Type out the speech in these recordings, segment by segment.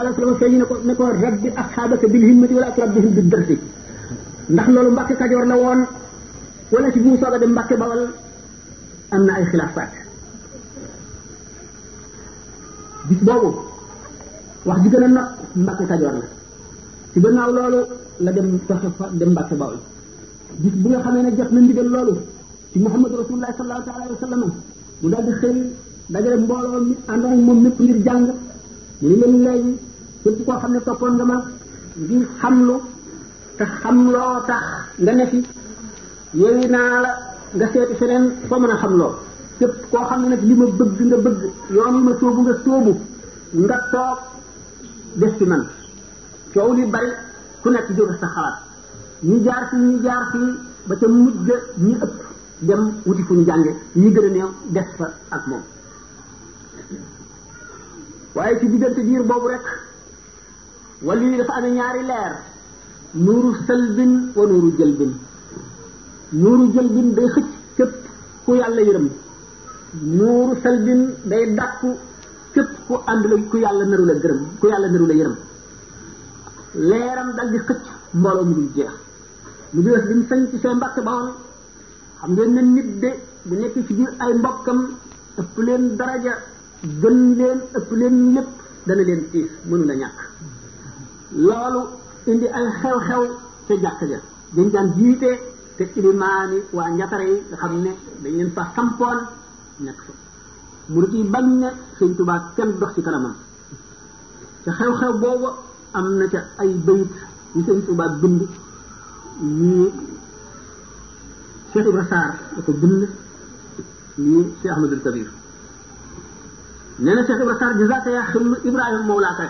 alai sallam feeñu ne ko ne ko rabbi asxaabaka bil himmati wala atrabbihim bi dërti ndax loolu mbàkke kajoor la woon wala ci bu sooga dem mbàkke bawal am na ay xilaafaat bis boobu wax ji gën a nag mbàkke kajoor la ci gannaaw loolu la dem doxe dem mbàkke bawal bis bi nga xamee ne jox na ndigal loolu ci muhammadu rasulullahi sallallahu taala alayhi wa sallam mu daal di xëy dajale mbooloo mi àndoon moom mépp ngir jàng mu ne leen léegi képp koo xam ne toppoon nga ma ngir xamlu te xamloo tax nga ne fi yooyu naa la nga seeti feneen foo mën a xamloo képp koo xam ne nag li ma bëgg nga bëgg yoon yi ma sóobu nga sóobu nga toog des ci man coow li bari ku nekk jóge sa xalaat ñu jaar fii ñu jaar fii ba ca mujj ñi ëpp dem wuti fu ñu jànge ñi gën a néew des fa ak moom waaye ci diggante diir boobu rek wàllu yi dafa amee ñaari leer nuuru salbin wa nuuru jëlbin nuuru jëlbin day xëcc képp ku yàlla yërëm nuuru salbin day dàqu képp ku ànd la gërëm ku yàlla naru yërëm leeram dal xëcc mbooloo mu dul jeex mu di wes bimu sañ ci seen mbàkk bawol xam ngeen ne nit bu nekk ci biir ay mbokkam ëpp leen daraja gën leen ëpp leen lépp dana leen tiis mënu ñàkk loolu indi ay xew-xew te jàkk ja dañ daan jiite te ilimaan yi waa njatare nga xam ne dañ leen fa sampoon nekk fa murit yi bañ ne kenn dox ci kanamam te xew-xew boobu am na ca ay bayit yu sëñ Tuubaa bind ñii Cheikh Ibra Sarr bind ñii Cheikh Ahmadul Kabir nee na Cheikh Ibra Sarr jazaaka yaa xam Ibrahima Mawlaaka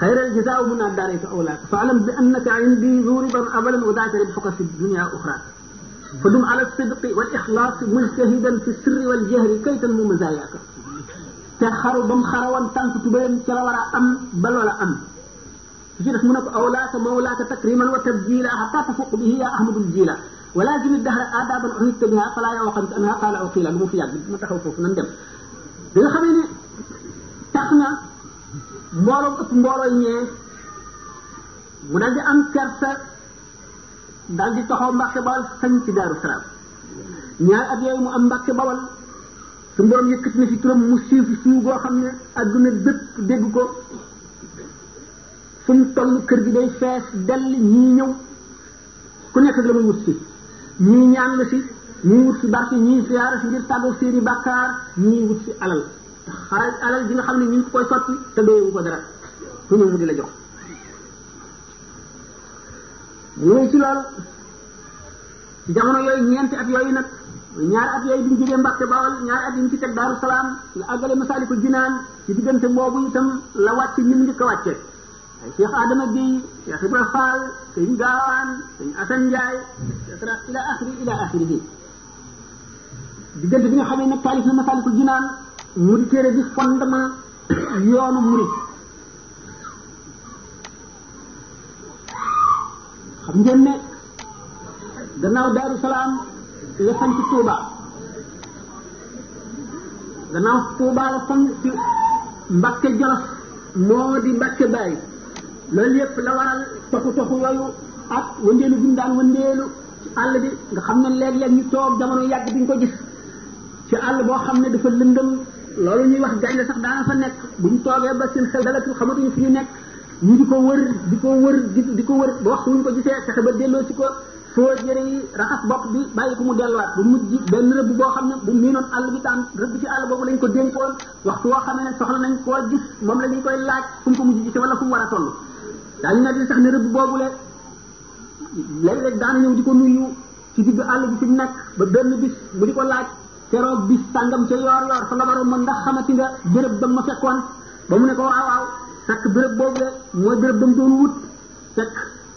خير الجزاء من الدارين أولاك فاعلم بأنك عندي ذو ربا أولا وذاك ربحك في الدنيا أخرى فدم على الصدق والإخلاص مجتهدا في السر والجهر كي تنمو مزاياك te xaru ba mu xarawoon tànk tubéen ca la war a am ba loola am su ci def mu ne ko awlaaka mawlaaka takriman wa tabjila xata tafuq bihi ya ahmadul jila wala jimi dahra adaban uhita biha fala yawqam anha qala uqila lu mu fi yàgg ma taxaw foofu nan dem bi nga xamee ne tax na mbooloo ëpp mbooloo ñee mu daal di am kersa daal di taxaw Mbàkke Bawal sañ ci Daaru Salaam ñaari at mu am Mbàkke Bawal su mborom yëkkati na fi turam mu siiw siiw goo xam ne adduna bépp dégg ko fu mu kër gi day fees dell ñii ñëw ku nekk la mu wut si ñii ñaan la si ñii wut si barke ñii siyaara si ngir tàggoo seeni bàkkaar ñii wut si alal alal alal ji nga xam ne ñu ngi koy sotti te doyewu ko dara fu la jox ñu wéy ci loolu jamono yooyu ñeenti at yooyu nag ñaari at yooyu bi ñu jógee Mbàkke Bawol ñaari at yi ñu ci teg Daaru Salaam la àggale Masaalikul Jinaan ci diggante boobu itam la wàcc ñi mu njëkk a wàcce ay Cheikh Adama Guèye Cheikh Ibra Fall sëñ Gaawaan sëñ Assane ila axiri ila axiri bi diggante bi nga xam ne Jinaan mu di téere bi fondement yoonu murid xam ngeen ne gannaaw Daaru Salaam la sanc Tuuba gannaaw Tuuba la sanc Mbàkke Jolof moo di Mbàkke Baay loolu yépp la waral toxu toxu yooyu ak wëndeelu bi mu daan wëndeelu ci àll bi nga xam ne léeg-léeg ñu toog jamono yàgg bi ko gis ci àll boo xam ne dafa lëndëm loolu ñuy wax gaynde sax daana fa nekk buñ toogee ba seen xel dalatul xamatuñu fu ñu nekk ñu di ko wër di ko wër di ko wër ba waxtu wuñ ko gisee fexe ba delloo ko foo jëre yi raxas bopp bi bàyyi ko mu delluwaat bu mujj benn rëbb xam ne bu miinoon àll bi tam rëbb ci boobu lañ ko dénkoon waxtu woo xamee ne soxla nañ koo gis moom la ñu koy laaj fu ko mujj a toll daañu ne di sax ne boobu le léeg-léeg daana ñëw di ko nuyu ci digg àll bi fi mu nekk ba benn bis mu di ko laaj keroog bis sàngam ca yoor yoor fa la waroon ma ndax xamati nga béréb ba ma fekkoon ba mu ne ko waaw waaw fekk béréb boobu la mooy béréb ba mu doon wut fekk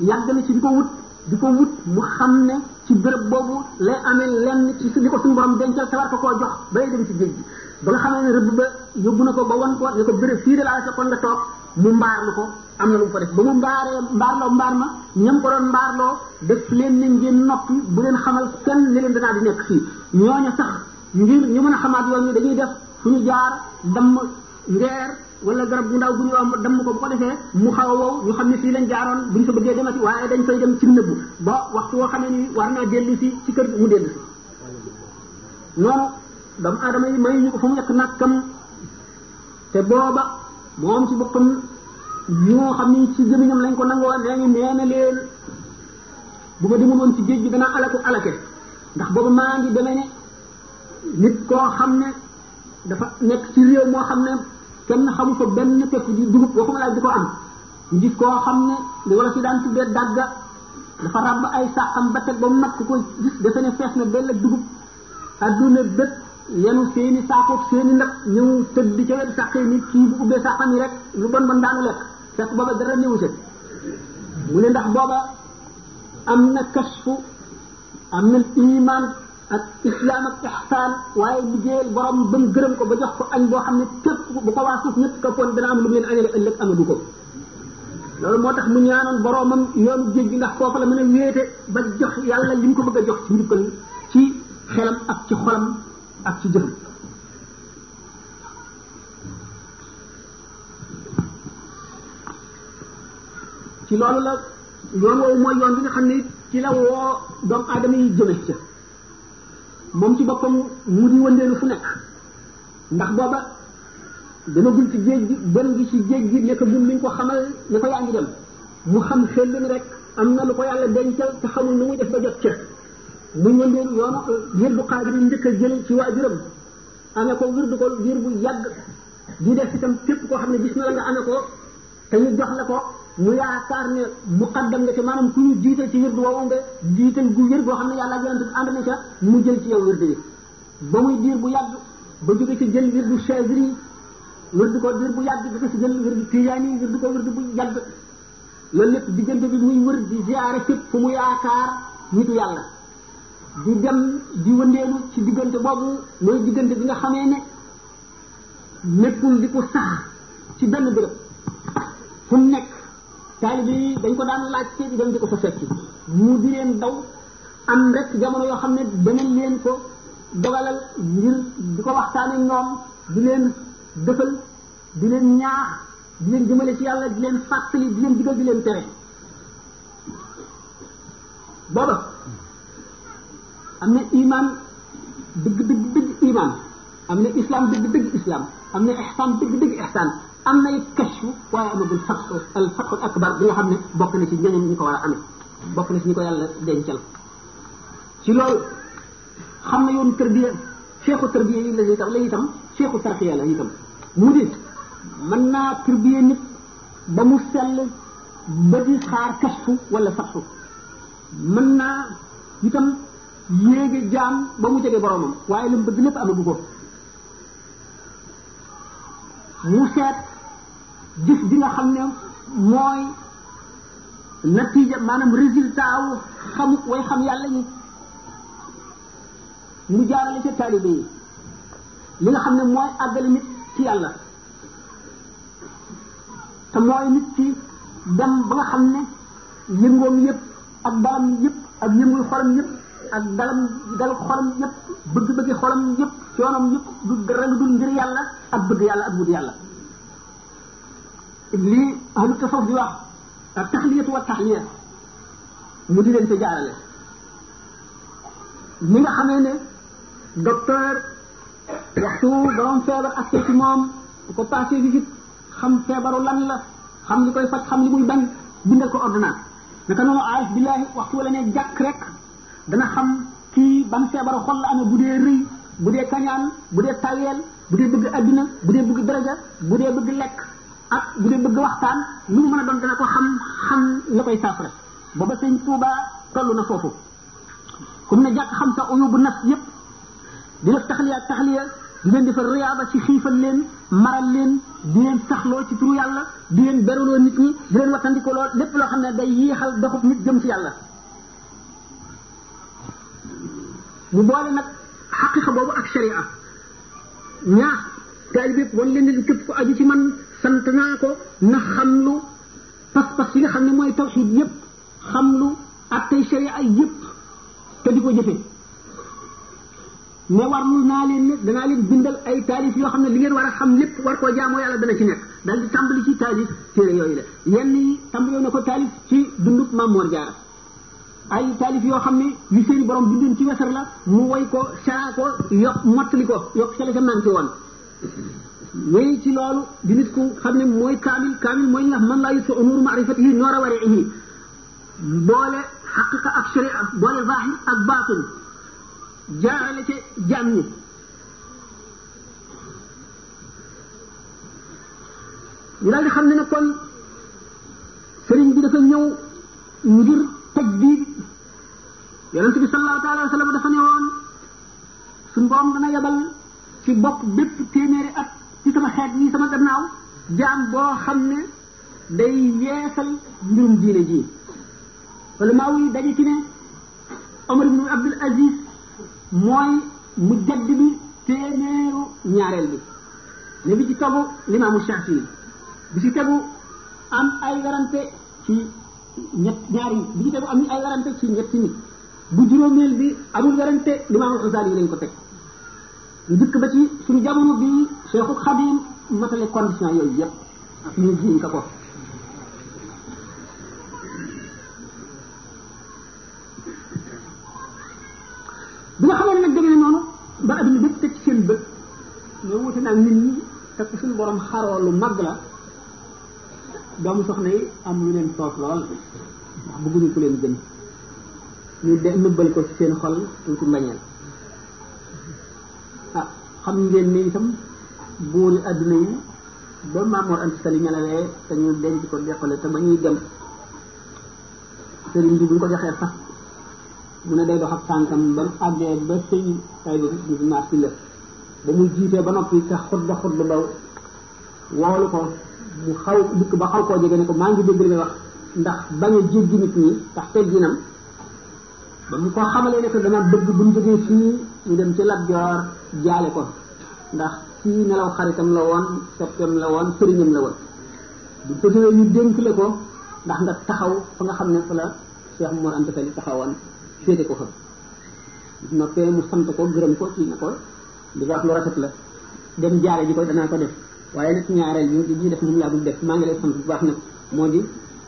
yàgg ci di ko wut di ko wut mu xam ne ci bërëb boobu lay amee lenn ci li ko suñu borom dencal sawar ko koo jox bay dem ci géej gi ba nga xamee ne rëbb ba yóbbu na ko ba wan ko ne ko béréb fii de laa fekkoon nga toog mu mbaar na ko am na lu mu fa def ba mu mbaaree mbaarloo mbaar ma ñam ko doon mbaarloo def leen ne ngeen noppi bu leen xamal kenn ne leen danaa di nekk fii ñooñu sax ngir ñu mën a xamaat yoon ñu dañuy def fu ñu jaar damm ndeer wala garab gu ndaw gu ñu romb damm ko bu ko defee mu xaw a wow ñu xam ne fii lañ jaaroon buñ fa bëggee demati waaye dañ koy dem ci nëbbu ba waxtu woo xamee ni war naa dellu si ci kër gi mu dellu si noonu yi may ñu ko fa mu nekk nàkkam te booba moom ci boppam ñoo xam ni ci gémmiñam lañ ko nangoo nee ñu nee na leen bu ma demul ci géej gi danaa alaku alake ndax boobu maa ngi demee nit koo xam ne dafa nekk ci réew moo xam ne kenn xamu fa benn tekk ji dugub waxuma laaj di ko am ñu gis koo xam ne li wala si daan tuddee dàgga dafa ràbb ay sàqam ba teg ba mat ku ko gis defe ne fees na bell ak dugub adduna bépp yenu seeni saakoog seeni nag ñëw tëdd ca wet sàqi ni kii bu ubbee sàqam yi rek lu bon bon daanu lekk fekk booba dara néewu ca mu ne ndax booba am na kasfu am na iman ak islam ak ihsaan waaye liggéeyal borom ba gërëm ko ba jox añ boo xam ne képp bu ko waa suuf ñëpp këppoon dana am lu mu leen añale ëllëg amadu ko loolu moo tax mu ñaanoon boromam yoonu géej gi ndax foofu la mën a wéete ba jox yàlla li mu ko bëgg a jox ci njukkal ci ci xolam ak ci jëfam ci loolu la yoon woowu mooy yoon bi xam ne ci la woo doomu aadama yi jëme moom ci boppam mu di wëndeelu fu nekk ndax booba dama gul ci géej gi dem gi ci géej gi nekk gum liñ ko xamal ne ko yaa ngi dem mu xam xellin rek am na lu ko yàlla dencal te xamul nu muy def ba jot ca muy wëndeelu yoonu ngir bu xaadir njëkk a jël ci waajuram amee ko wirdu ko ngir bu yàgg di def itam képp koo xam ne gis na la nga amee ko te ñu la ko mu yaakaar ne muqaddam nga ci maanaam ku ñu jiite ci wirdu woowu nga jiital gu wér boo xam ne yàlla ak yonent bi ànd ca mu jël ci yow wirdu bi ba muy diir bu yàgg ba jóge ci jël wirdu chazri wirdu ko diir bu yàgg jóge ci jël wirdu tijaani wirdu bu yàgg loolu lépp diggante bi muy wër di ziare fépp fu mu yaakaar nitu yàlla di dem di ci diggante boobu mooy diggante bi nga xamee ne nekkul di ko sax ci benn béréb fu nekk taalibe yi dañ ko daan laaj seeti dem di ko fa fekki mu di leen daw am rek jamono yoo xam ne danañ leen ko dogalal ngir di ko waxtaane ñoom di leen dëfal di leen ñaax di leen jëmale ci yàlla di leen fàttali di leen digal di leen tere booba am na iman dëgg dëgg dëgg iman am na islam dëgg dëgg islam am na ihsan dëgg dëgg ihsan am nay kashfu waaye amagul fatxu al fatxu akbar bi nga xam ne bokk na ci ñeneen ñi ko war a amee bokk na ci ñi ko yàlla dencal ci loolu xam na yoon tërbiya seexu tërbiya yi la itam la itam seexu tarxiya la itam mu di mën naa tërbiya nit ba mu sell ba di xaar kashfu wala fatxu mën naa itam yéege jaam ba mu jege boromam waaye lu mu bëgg lépp amagu ko mu seet jëf ji nga xam ne mooy natiija maanaam résultat wu way xam yàlla ñi mu jaarale ca taalibe yi li nga xam ne mooy àggale nit ci yàlla te mooy nit ci dem ba nga xam ne yëngoom yëpp ak dalam yëpp ak yëngul xolam yëpp ak dalam dal xolam yëpp bëgg-bëggi xolam yëpp coonam yëpp du dara lu dul ngir yàlla ak bëgg yàlla ak wut yàlla lii ahlu tasawuf di wax ak taxliyatu wa taxliya mu di leen ca jaarale ni nga xamee ne docteur waxtu borom feebar ak ci moom bu ko passé visite xam feebaru lan la xam li koy faj xam li muy bañ bindal ko ordonnance naka noonu aarif billaahi waxtu wala ne jàkk rek dana xam kii ban feebaru xol la amee bu dee rëy bu dee kañaan bu dee tayeel bu dee bëgg adduna bu dee bëgg daraja bu dee bëgg lekk ak bu dee bëgg waxtaan lu mu a doon ko xam xam la koy saafara booba sëñ Tuuba toll na foofu comme ne jàkk xam sa uyubu nafs yépp di def taxliya taxliya di leen defal riyaaba ci xiifal leen maral leen di leen saxloo ci turu yàlla di leen beraloo nit ñi di leen wattandiko lool lépp loo xam ne day yéexal doxub nit jëm ci yàlla mu boole nag xaqiqa boobu ak sharia ñaax taalibe bépp wan leen ne képp ko aju ci man sant naa ko na xam lu pas-pas yi nga xam ne mooy tawxiid yépp xam lu ak tey ay yépp te di ko jëfee mais warlu naa leen ne danaa leen bindal ay taalif yoo xam ne li ngeen war a xam lépp war koo jaamoo yàlla dana ci nekk daal di tàmbali ci taalif téere yooyu la yenn yi ko taalif ci dundub Maam Mor Jaara yoo xam ne yu seen borom bindoon ci wesar la mu woy ko saa ko yokk mottali ko yokk ca la ca manqué woon wéy ci lool di nit ku xam ne mooy kaamil kaamil mooy nga man laa yut sa umur maarifat yi noor a waree yi boole xaqiqa ak sharia boole zahir ak baatin jaarale ci jaam ñi ñu daal di xam ne ne kon sëriñ bi dafa ñëw ngir tajdiid yonent bi sallallahu taala wa sallam dafa ne woon su mboom dana yabal ci bopp bépp téeméeri at ci sama xeet yi tama gannaaw jaam boo xam ne day yeesal mbirum diine ji wala maa yi daje ci ne Omar ibn Abdul Aziz mooy mu jadd bi téeméeru ñaareel bi ne bi ci tegu limaamu Shaafi bi ci tegu am ay warante ci ñett bi ci tegu am ay warante ci ñetti nit bu juróomeel bi amul warante limaamu Xasaali yi lañ ko teg ñu dikk ba ci suñu jamono bii Seexu Xadim matale condition yooyu yëpp ak ñu jiiñ ka ko bi nga xamoon nag demee noonu ba adduna bépp teg ci seen bët ñoo wute naa nit ñi te ku suñu borom xaroo lu mag la doomu soxna yi am lu leen toog lool ndax bëgguñu ku leen gën ñu de nëbbal ko ci seen xol tuuti mbañeel ah xam ngeen ni itam buuri àdduna yi ba Maamoor Anta Sali ñelawee te ñu ko deqale te ba ñuy dem sëriñ ko joxee fas mu ne day dox ak tànkam ba mu àggee ba sëy tay bi bi naat si la ba muy jiitee ba noppi te xutba xutba ba woolu ko mu xaw dikk ba xaw koo jege ne ko maa ngi dégg li nga wax ndax bañ a jéggi nit ñi tax tegginam ba mu ko xamalee ne ko dana bëgg bu ñu jógee fii ñu dem ci Lat Joor jaale ko ndax kii nelaw xaritam la woon soppeem la woon sëriñam la woon bu bëggee ñu dénk la ko ndax nga taxaw fa xam ne fa la Cheikh Mor Anta Sali taxawoon féete ko fa mu sant ko gërëm ko ci ko li nga la dem jaare ji ko danaa ko def waaye nag ñaareel bi li ñuy def moom laa dul def maa ngi lay sant bu baax nag moo di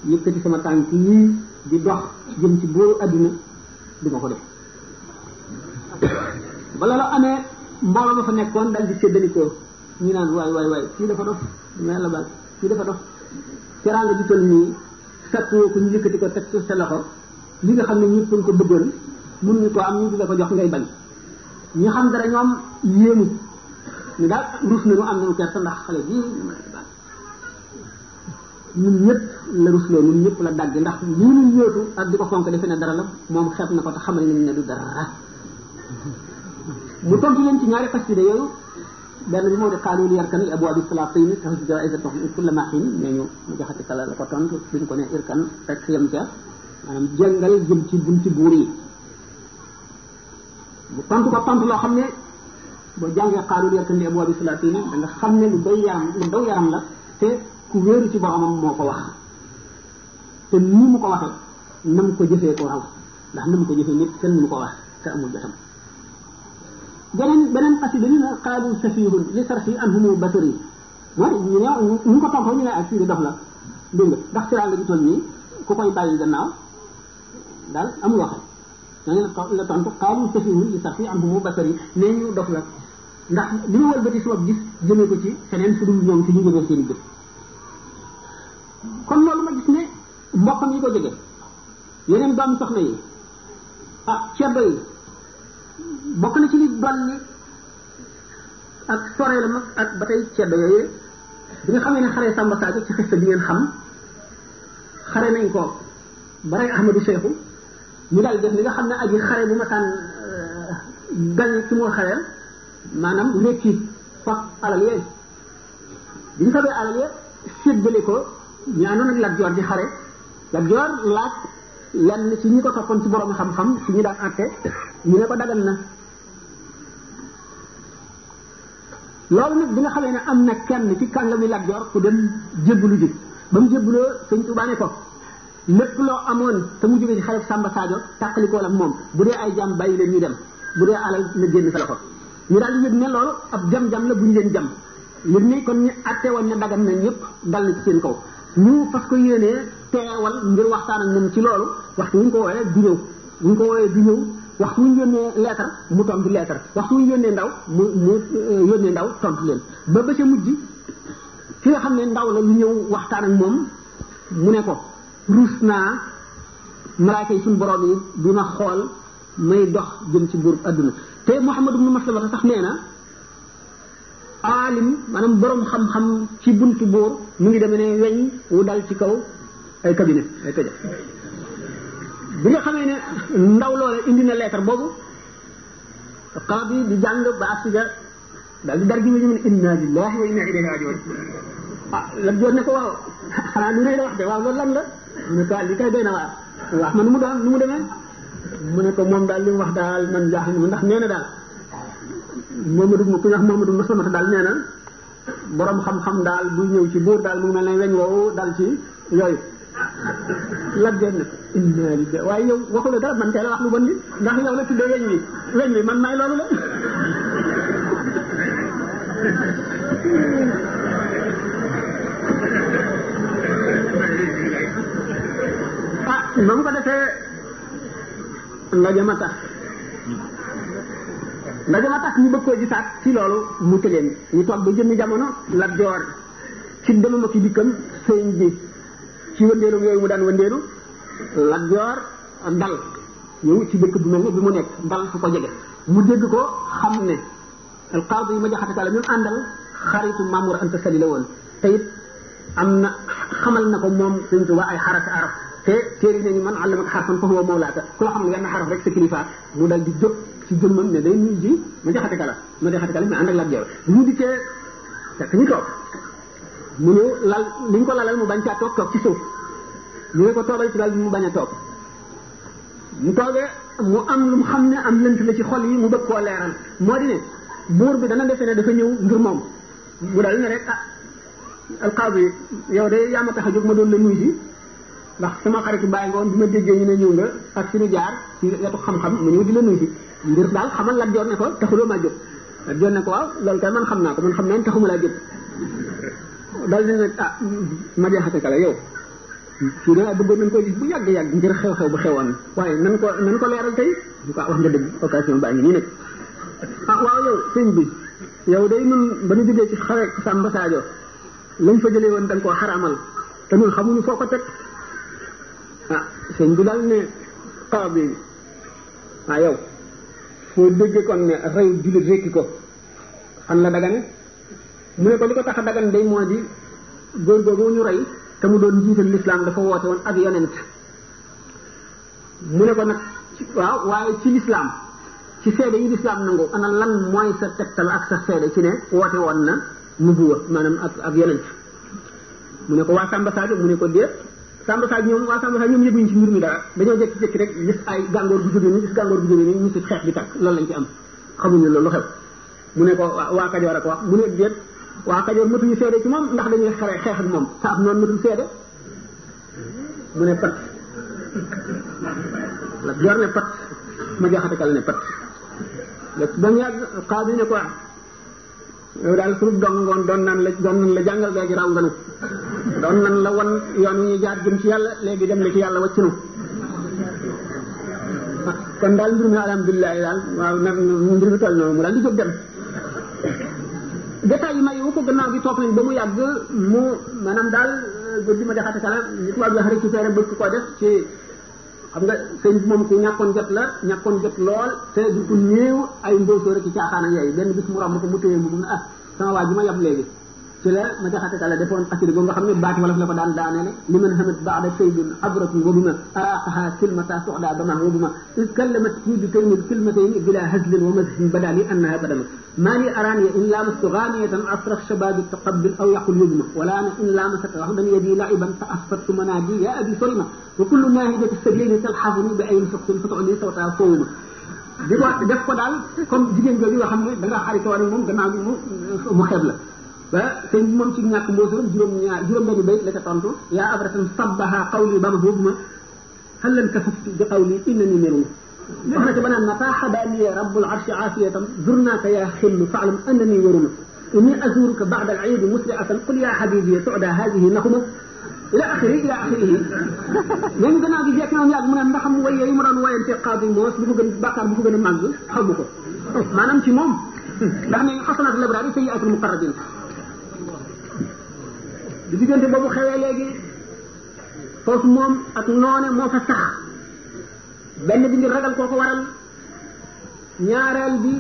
yëkkati sama tànk nii di dox jëm ci booru adduna du ma ko def bala la amee mbooloo ma fa nekkoon dal di séddalikoo ñu naan waay waay waay kii dafa dof ma yàlla baal kii dafa dof teraanga ju toll nii sattuwoo ko ñu yëkkati ko teg sa loxo li nga xam ne ñëpp ko bëggoon mun ñu ko am ñu di la ko jox ngay bañ ñu xam dara ñoom yéemu ñu daal rus nañu am nañu kersa ndax xale bii ñun ñëpp la rusloo ñun ñëpp la dagg ndax lii ñu yóotu ak di ko fonk defe ne dara la moom xeeb na ko te xamal nañ ne du daa mu tontu leen ci ñaari xasida yooyu benn bi moo di xaaluulu yarkan li abwaabi salaatini tahujjudu izzatuhum kulla maxin nee ñu mu jaxati la ko tontu duñ ko ne irkan rek yem ca maanaam jàngal jëm ci bunti buur yi mu loo xam ne boo jàngee xaaluulu yarkan li abwaabi salaatini da xam ne lu doy yaram lu daw yaram la te ku wéeru ci boromam moo ko wax te ni mu ko waxee nam ko jëfee koo raw ndax nam ko jëfee nit kenn mu ko wax te amul jotam beneen beneen xasida bi na xaalu safihun li sarfi an humu basari mooy ñu ne ñu ko tonkoo ñu ne ak fii di dof la dégg nga ndax siraal la gi toll nii ku koy bàyyi gannaaw daal amul waxe dañu la tontu xaalu safihun li sarfi an humu basari nee ñu dof la ndax li ma wëlbati sama gis jëmee ko ci feneen su dul ñoom si ñu jëmee seen bët kon loolu ma gis ne mbokkam yi ko jege yeneen doomu soxna yi ah ceddo yi bokk na ci li dolli ak soreelam ak ba tey ceddo yooyu bi nga xamee ne xare Samba Sadio ci xista bi ngeen xam xare nañ ko ba rey Ahmadou Cheikhou ñu daal def li nga xam ne yi xare bi ma tànn euh, gañ ci moo xareel maanaam rékki fab alal yooyu bi ñu ko ñu àndoon ak Lat Joor di xare Lat Joor laaj ñi ko toppoon ci borom xam-xam ci ñu daan àtte ñu ne ko dagan na loolu nag bi nga xamee ne am na kenn ci kàngami Lat Joor ku dem jébbalu ji ba mu jébbaloo sëñ Tuubaa ne ko lépp loo amoon te mu jógee ci xareb Samba Sadio tàqalikoo la moom bu dee ay jàmm bàyyi leen ñu dem bu dee alal na génn sa loxo ñu daal di yëg ne loolu ab jam-jam la bu ñu leen jam yëg ne kon ñu àtte woon ne dagan na ñëpp dal na ci seen kaw ñu fas ko yéenee teewal ngir waxtaan ak moom ci loolu waxtu wuñ ko wooyee du ñëw wuñ ko wooyee du ñëw wax waxtu wuñ yónnee leetar mu tontu leetar waxtu wuñ yónnee ndaw mu mu euh, yónnee ndaw tontu leen ba ba ca mujj ki nga xam ne ndaw la ñu ñëw waxtaan ak moom mu ne ko ruus naa malaaka yi suñu borom yi bi ma xool may dox jëm ci bu adduna te Muhammad ibnu Maslama a nee na aalim maanaam borom xam-xam ci buntu buur mu ngi demee ne weñ wu dal ci kaw ay cabinet ay kaja bi nga xamee ne ndaw loole indi na lettre boobu qaadi di jàng ba asiga daal di dar gi ñu ne inna lillahi ah, ne ko waaw xanaa lu rëy la wax de waaw la mu ne ko ah, li kay doy na waar wax ma nu mu doon nu mu demee mu ne ko moom daal li wax daal man jaaxle na ma ndax nee na daal Momadou ku ñuy wax Momadou Maslamata daal nee na borom xam-xam daal buy ñëw ci buur daal mu na ne weñ woowu dal ci yooyu laggeen na inna lillahi waaye yow waxu la man tee la wax lu bon li ndax yow la tuddee weñ wi weñ wi man may loolu la ah ba ko defee ndaje ma tax ndaje ma tax ñu bëgg koo ci loolu mu tëleen ñu toog ba jëmmi jamono la joor ci demam ak dikkam sëñ bi ci wëndeelum yooyu mu daan wëndeelu Lat Joor dal yow ci dëkk bu mel ne bi mu nekk dal fu ko jege mu dégg ko xam ne alqaadi yi ma jaxataka la ñu àndal xaritu Mamour Anta Sali woon te it am na xamal na ko moom Sëriñ Tuubaa ay xaras araf te téer man àllam ak xarfan fa huwa mawlaaka ku la xam ne wenn xaraf rek sa mu dal di jóg ci jëmmam ne day nuyu ji ma jaxataka la ma jaxataka la mais mu dikkee fekk ñu mu ne lal li ñu ko lalal mu bañ caa toog toog ci suuf ñu ne ko toogal ci lal bi mu bañ a toog mu toogee mu am lu mu xam ne am lënt la ci xol yi mu bëgg koo leeral moo di ne buur bi dana defe ne dafa ñëw ngir moom mu dal ne rek ak ah, alqaadi yow de yaa ma tax a ma doon la nuyu si ndax sama xarit bàyyi nga woon bi ma déggee ñu ne ñëw nga ak suñu jaar ci yetu xam-xam mu ñëw di la nuyu si ngir daal xamal la joor ne ko taxuloo maa jóg la joor ne ko waaw loolu kay man xam naa ko man xam ne naa ma laa jóg daal ne nag ah ma jaxate kala yow fii da bëggoon nañ ko gis bu yàgg yàgg ngir xew-xew bu xewoon waaye nan ko nan ko leeral tey waaw wax nga dëgg occasion baa ngi nii nag ah waaw yow sëñ bi yow day nun ba ñu jógee ci xare Samba Sadio lañ fa jëlee woon da nga koo xaraamal te ñun xamuñu foo ko teg ah sëñ bi daal ne xaw bi ah yow foo dégg kon ne rey jullit rekki ko xam la daga ne mu ne ko li ko tax a day mois di góor googu ñu rey te mu doon njiital lislaam dafa woote woon ak yonent mu ne ko nag waaw waaye ci lislaam ci seede yi lislaam nangu ana lan mooy sa tegtal ak sa seede ci ne woon na nubuwa maanaam ak ak yonent mu ne ko waa Samba Sadio mu ne ko déet Samba Sadio ñoom waa Samba Sadio ñoom yëguñu ci mbir mi dara dañoo jékki-jékki rek gis ay gàngoor bu jógee nii gis gàngoor bu jógee nii ñu ci xeex bi tàkk loolu lañ ci am xamuñu loolu xew mu ne ko waa Kajoor ak wax mu ne déet waa Kajoor mëtuñu seede ci moom ndax dañuy xare xeex moom te ab noonu mëtul seede mu ne pat la jor ne pat ma jaxatakal ne pat ba mu yàgg xaadi ne ko yow daal suñu dongoon doon nan la doon nan la jàngal léegi raw nga nu doon nan la wan yoon wi ñu jaar jëm ci yàlla léegi dem na ci yàlla wàcc nu kon daal mbir mi alhamdulilah daal waaw na mbir mi toll noonu mu daal di jóg dem détails yi mayu ko gannaaw bi toog nañ ba mu yàgg mu maanaam daal góor euh, gi ma jaxate kala li tubaab wax rek ci feere bëgg koo def ci xam nga sëñ bi moom ku ñàkkoon jot la ñàkkoon jot lool te du ko néew ay mbóosoo rek ci caaxaan yooyu benn bis mu romb ko mu téye mu ne ah sama waa ji ma yab léegi ci la ma jaxate kala defoon xasida boobu nga xam ne baati wala la ko daan daaneele li man xamat baada saydin abratun wa bima araaqaha kilmata soxda bama wa bima is kallamat kii bi kayni kilmatayni bila haslin wa mazhin bada li annaha qadama maa li araaniya in laamat gaaniyatan asrak shababi taqabbil aw yaqul wajma wala na in laamasat waxdan yadi laiban fa asfattu manaadi ya abi solima wa kullu naahijati sabiili talxasuni bi ayn suktin fatuli sawta fowuma di ko def ko daal comme jigéen jooju nga xam ne da nga xaritoo rek moom gannaaw bi mu mu xeeb la ba sëñ bi moom ci ñàkk mboosuram juróom ñaar juróom benn bayit la ca tontu yaa abratan sabbaha qawli ba ma boobu ma hal lan kafafti bi qawli innani merum wax na ci banaan ma taaxabaaniya rabbul arshi aafiyatan zurnaaka yaa xillu faalam annani waruma inni azuruka ba'da al-iidi musri'atan qul yaa habibi tu'da hadihi naxuma ila axiri ila axirihi même gannaaw gi jekk noonu yàgg mu naan ndaxam waye yi mu doon woyante xaadi moos bu ko gën bàkkaar bu ko gën a màgg xamu ko maanaam ci moom ndax ne xasanat labraari sayyiatul muqarrabin di diggante boobu xewee léegi foofu moom ak noone moo fa sax benn bi ngir ragal koo ko waral ñaareel bi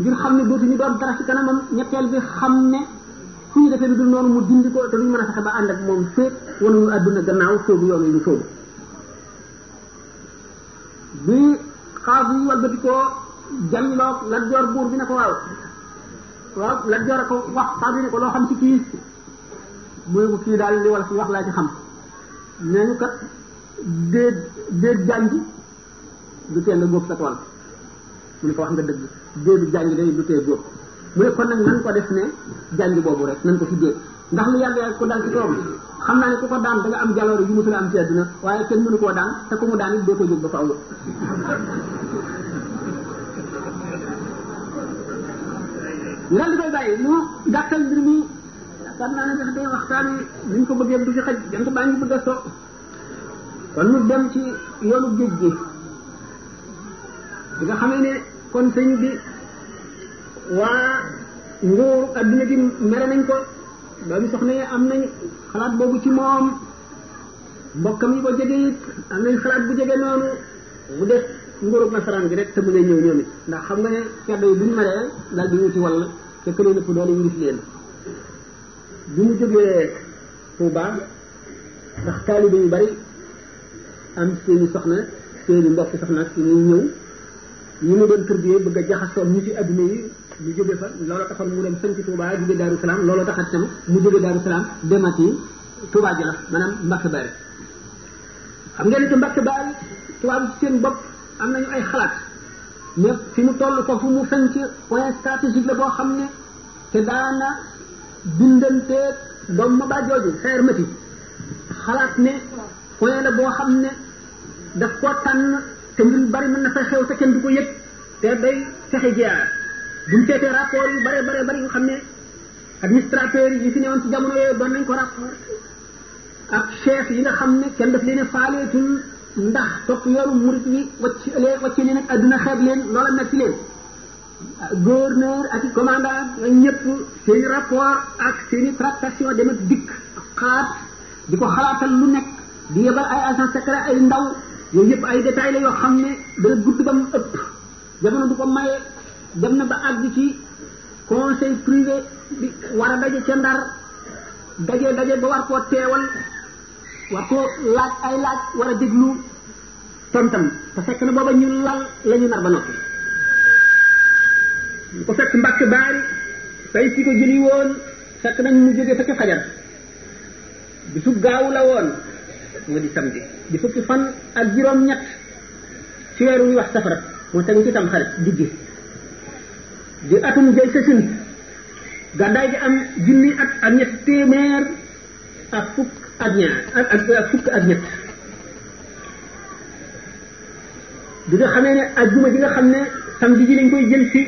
ngir xam ne dootuñu doon dara ci kanamam ñetteel bi xam ne su ñu defee lu dul noonu mu dindi ko te duñ mën a fexe ba ànd ak moom féet wanuñu àdduna gannaaw soobu yoon yi ñu soobu bi xaar bi walbati koo janloog Lat Joor buur bi ne ko waaw waaw Lat Joor a ko wax xaar bi ko loo xam ci kii mu ne kii daal li wala fi wax laa ci xam nee ñu kat déet déet jàngi du tee nga góob sa tool mu ne ko wax nga dëgg déetu jàngi day du tee góob mu ne kon nag nan ko def ne jàngi boobu rek nan ko fi déet ndax lu yàlla ko dal ci kawam xam naa ne ku ko daan da nga am jaloore yu musul am ci àdduna waaye kenn mënu koo daan te ku mu daan it doo ko jóg ba faaw ñu daal di koy bàyyi mu gàttal mbir mi xam naa ko bëggee du fi xaj jant baa ngi bëgg a so kon mu dem ci yoonu géej gi di nga xamee ne kon sëñ bi waa nguur adduna gi mere nañ ko doomi soxna yi am nañ xalaat boobu ci moom kam yi ko jege it am nañ xalaat bu jege noonu bu def nguurub nasaraan gi rek te mu lay ñëw ñoom it ndax xam nga ne caddo yi duñ meree daal di ñu ci wàll te kële nëpp doole leen bi mu jógee Touba ndax taalibe ñu bari am seeni soxna seeni mbokki soxna ak ñuy ñëw ñu mu doon tërbiyee bëgg a jaxasoon ñu ci adduna yi ñu jóge fa looloo taxoon mu dem sanc Touba jóge Daaru Salaam looloo taxat tam mu jóge Daaru Salaam demat yi Touba Jolof maanaam Mbacke Bari xam ngeen ci Mbacke Bari seen bopp am nañu ay xalaat ñëpp fi mu toll foofu mu sanc point stratégique la boo xam ne te daana bindanteeg doom ma baa jooju xeer mati xalaat ne point la boo xam ne daf koo tànn te mbir yu bari mën na fay xew te kenn du ko yëg te day fexe jaar buñ seetee rapport yu bare bare bari yu xam ne administrateur yi fi newoon ci jamono yooyu doon nañ ko rapport ak chef yi nga xam ne kenn daf leen a faaleetul ndax topp yoru murit wi wacc leen wacc leen ak adduna xeeb leen loola metti leen gouverneur ak commandant ñëpp seeni rapport ak seeni tractation dem dikk xaat di ko xalaatal lu nekk di yebal ay agent secret ay ndaw yoo xam ne jamono bu ko maye dem na ba àgg ci conseil privé bi war a daje ca ndar daje daje ba a booba ñu lal la ñu ba noppi ko fekk mbàkk baari fay yi ko jëli woon fekk nag mu jóge fa ca fajar bisu gaaw la woon moo di samedi di fukki fan ak juróom-ñett ci weeru wax safara moo tegu ci tam xarit diggi di atum jël sa sin gàddaay gi am junni at ak ñett téeméer ak fukk ak ñaar ak fukk ñett bi nga xamee ne ajjuma ji nga xam ne samedi ji lañ koy jël si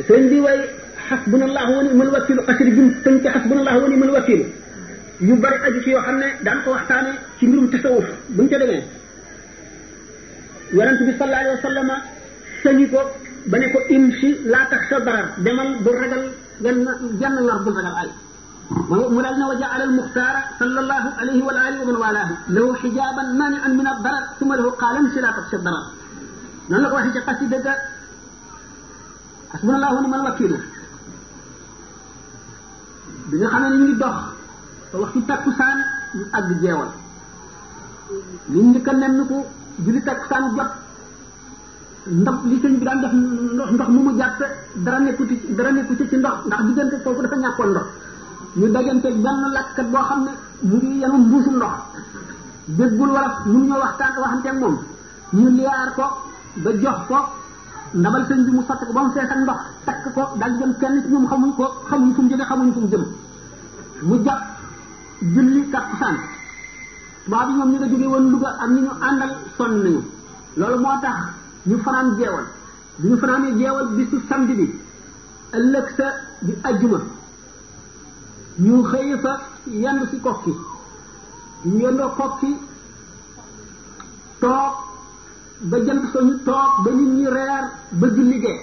sëñ bi way xasbunallahu wa ni'mal wakiilu xasida gi mu tënk xasbunallahu wa ni'mal wakiilu yu bari aju ci yoo xam ne daan ko waxtaane ci mbirum tasawuf buñ ca demee yonent bi sallallahu alayhi wa sallama sëñi ko ba ne ko imshi laa tax sa darar demal bu ragal genn genn lor bul ragal ay mu daal ne wa jaala almuxtaara sallallahu alayhi wa alihi wa man walaahu lahu xijaaban maanian min addarar suma lahu qaala imshi laa tax sa darar noonu la ko waxee ci xasida ga hasbunallahu ni man wakiilu bi nga xam ne ñu ngi dox ba waxtu takkusaan ñu àgg jeewal ñu njëkk a nem ko julli takkusaan jot ndox li sëñ bi daan def ndox mu mu jàpp dara nekku ci dara nekku ci ci ndox ndax diggante foofu dafa ñàkkoon ndox ñu dajante benn lakkat boo xam ne mu ngi yenu mbuusum ndox déggul wala mënuñoo waxtaan waxante ak moom ñu ko ba jox ko ndamal sëñ bi mu sotti ko ba mu fees ak ndox takk ko daal di dem kenn ci ñoom xamuñ ko xamuñ fu mu jëlee xamuñ fu mu jëm mu jàpp julli takkusaan tubaab yi ñoom ñu nga jógee woon am ñu ñu àndal sonn nañu loolu moo tax ñu fanaan jeewal bi ñu fanaanee jeewal bisu samedi bi ëllëg sa di ajjuma ñu xëy fa yendu ci kokki ñu yendoo kokki toog ba jant so ñu toog ba nit ñi reer ba julli gee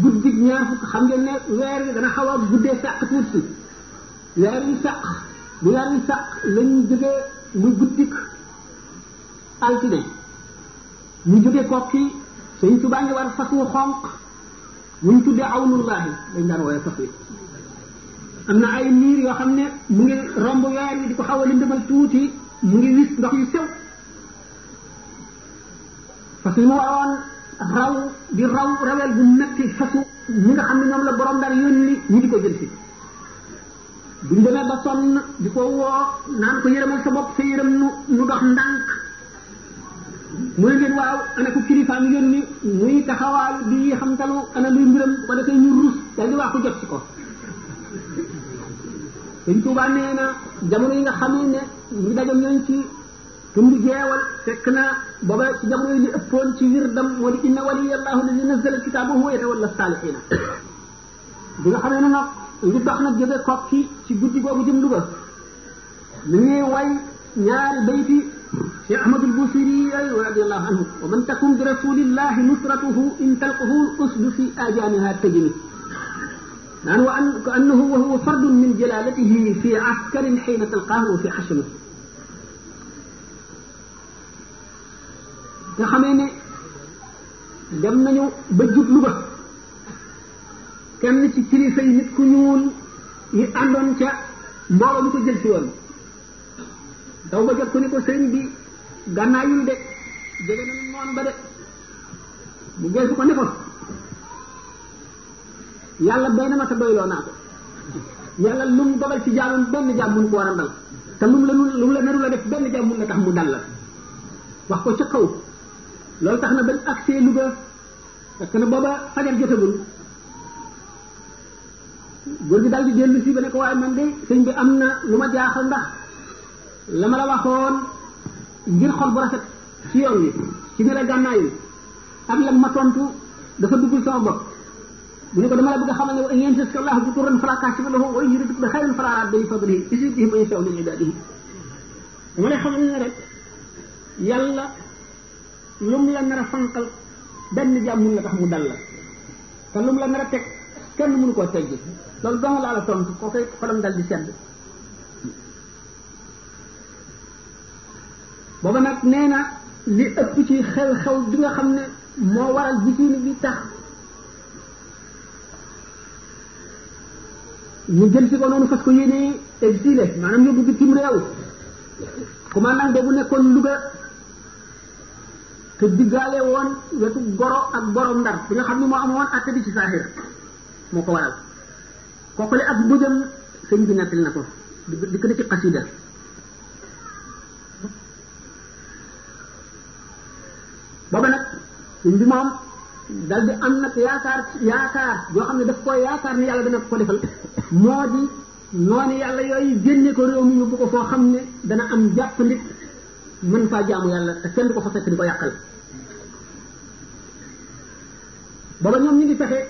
guddi ñaar fukk xam ngeen ne weer yi dana xaw a guddee sàq tuuti weer yi sàq bu weer yi sàq lañu jógee muy guddik altine ñu jóge kokki sëñ Tuubaa ngi war fas wu xonq wuñ tuddee awnullahi dañ daan wooye fas wi am na ay niir yoo xam ne mu ngi romb weer yi di ko xaw a lëndëmal tuuti mu ngi wis ndox yu sew fas yi mu waroon raw di raw rawel bu metti fasu ñi nga xam ne ñoom la borom dara yónni ñi di ko jël si buñ demee ba son di ko woo naan ko yërëmal sa bopp sa yërëm nu nu dox ndànk mu ne leen waaw ana ko kilifaam yónni muy taxawaayu di xamtalu ana luy mbiram ba defee ñu rus dal di wax ko jot si ko dañ tuubaa nee na jamono yi nga xam ne ñu dajam ñooñ ci indi jeewal fekk na booba ci jamono yi li ëppoon ci wirdam moo di inna waliyallahu alladi nazzala alkitaba huwa yatawalla saalihina bi nga xamee ne nag li dox nag jóge kokki ci guddi googu jëm Louga mi ngi way ñaari bayti Cheikh Ahmadul Busiri radiyallahu anhu wa man takum bi rasulillahi nusratuhu in talqahu usdu fi ajamiha tajini naan wa an ka annahu wa huwa fardun min jalalatihi fi askarin xiina talqaahu wa fi ashamihi nga xamee ne dem nañu ba jublu kenn ci kilifa yi nit ku ñuul yi àndoon ca mbooloo mu ko jël ci woon daw ba ko ni ko sëriñ bi gànnaayul de jege nañu noon ba de mu geesu ko ne ko yàlla bay na ma te doyloo naa ko yàlla ci jaamam benn jaam mun ko war a ndal te lu mu la lu mu la la def benn jaam mun la tax mu dal la wax ko ci kaw loolu tax na bañ agsee Louga parce que na booba fajar jotagul góor gi daal di dellu si ba ne ko waaye man de sëñ bi am na lu ma a ndax la ma la waxoon ngir xol bu rafet ci yoon wi ci ne la gànnaayul ak la ma tontu dafa duggul sama bopp bu ne ko dama la bëgg a xamal ne wa in yamsaska Allahu bi durrin falaa kaashifa lahu wa in yuridka bi khayrin falaa raadda li fadlihi yusib bihi man yashaa'u min ibaadihi dama lay xamal ne rek yàlla lu mu la nar a fanqal benn jaam mun la tax mu dal la la nar a kenn mënu koo teggi loolu dong laa la tontu koo koy xolam dal di sedd booba nag nee na li ëpp ci xel-xew bi xam ne moo waral bisiin bi tax ñu jël si ko noonu fas ko yéene exilé maanaam yóbbu bitim réew commandant boobu nekkoon Louga te diggaale woon wetu goro ak borom ndar bi xam ne moo amoon atte bi ci saaxir moo ko waral kooku le ak mbëjam sëñ bi nettali na ko di ko ci xasida booba nag sëñ bi dal di am nag yaakaar yaakaar yoo xam ne daf koy yaakaar ne yàlla dana ko defal moo di noonu yàlla yooyu génne ko réew mi yóbbu foo xam ne dana am jàpp nit mën faa jaamu yàlla te kenn du ko fa fekk di ko yàqal booba ñoom ñu ngi fexe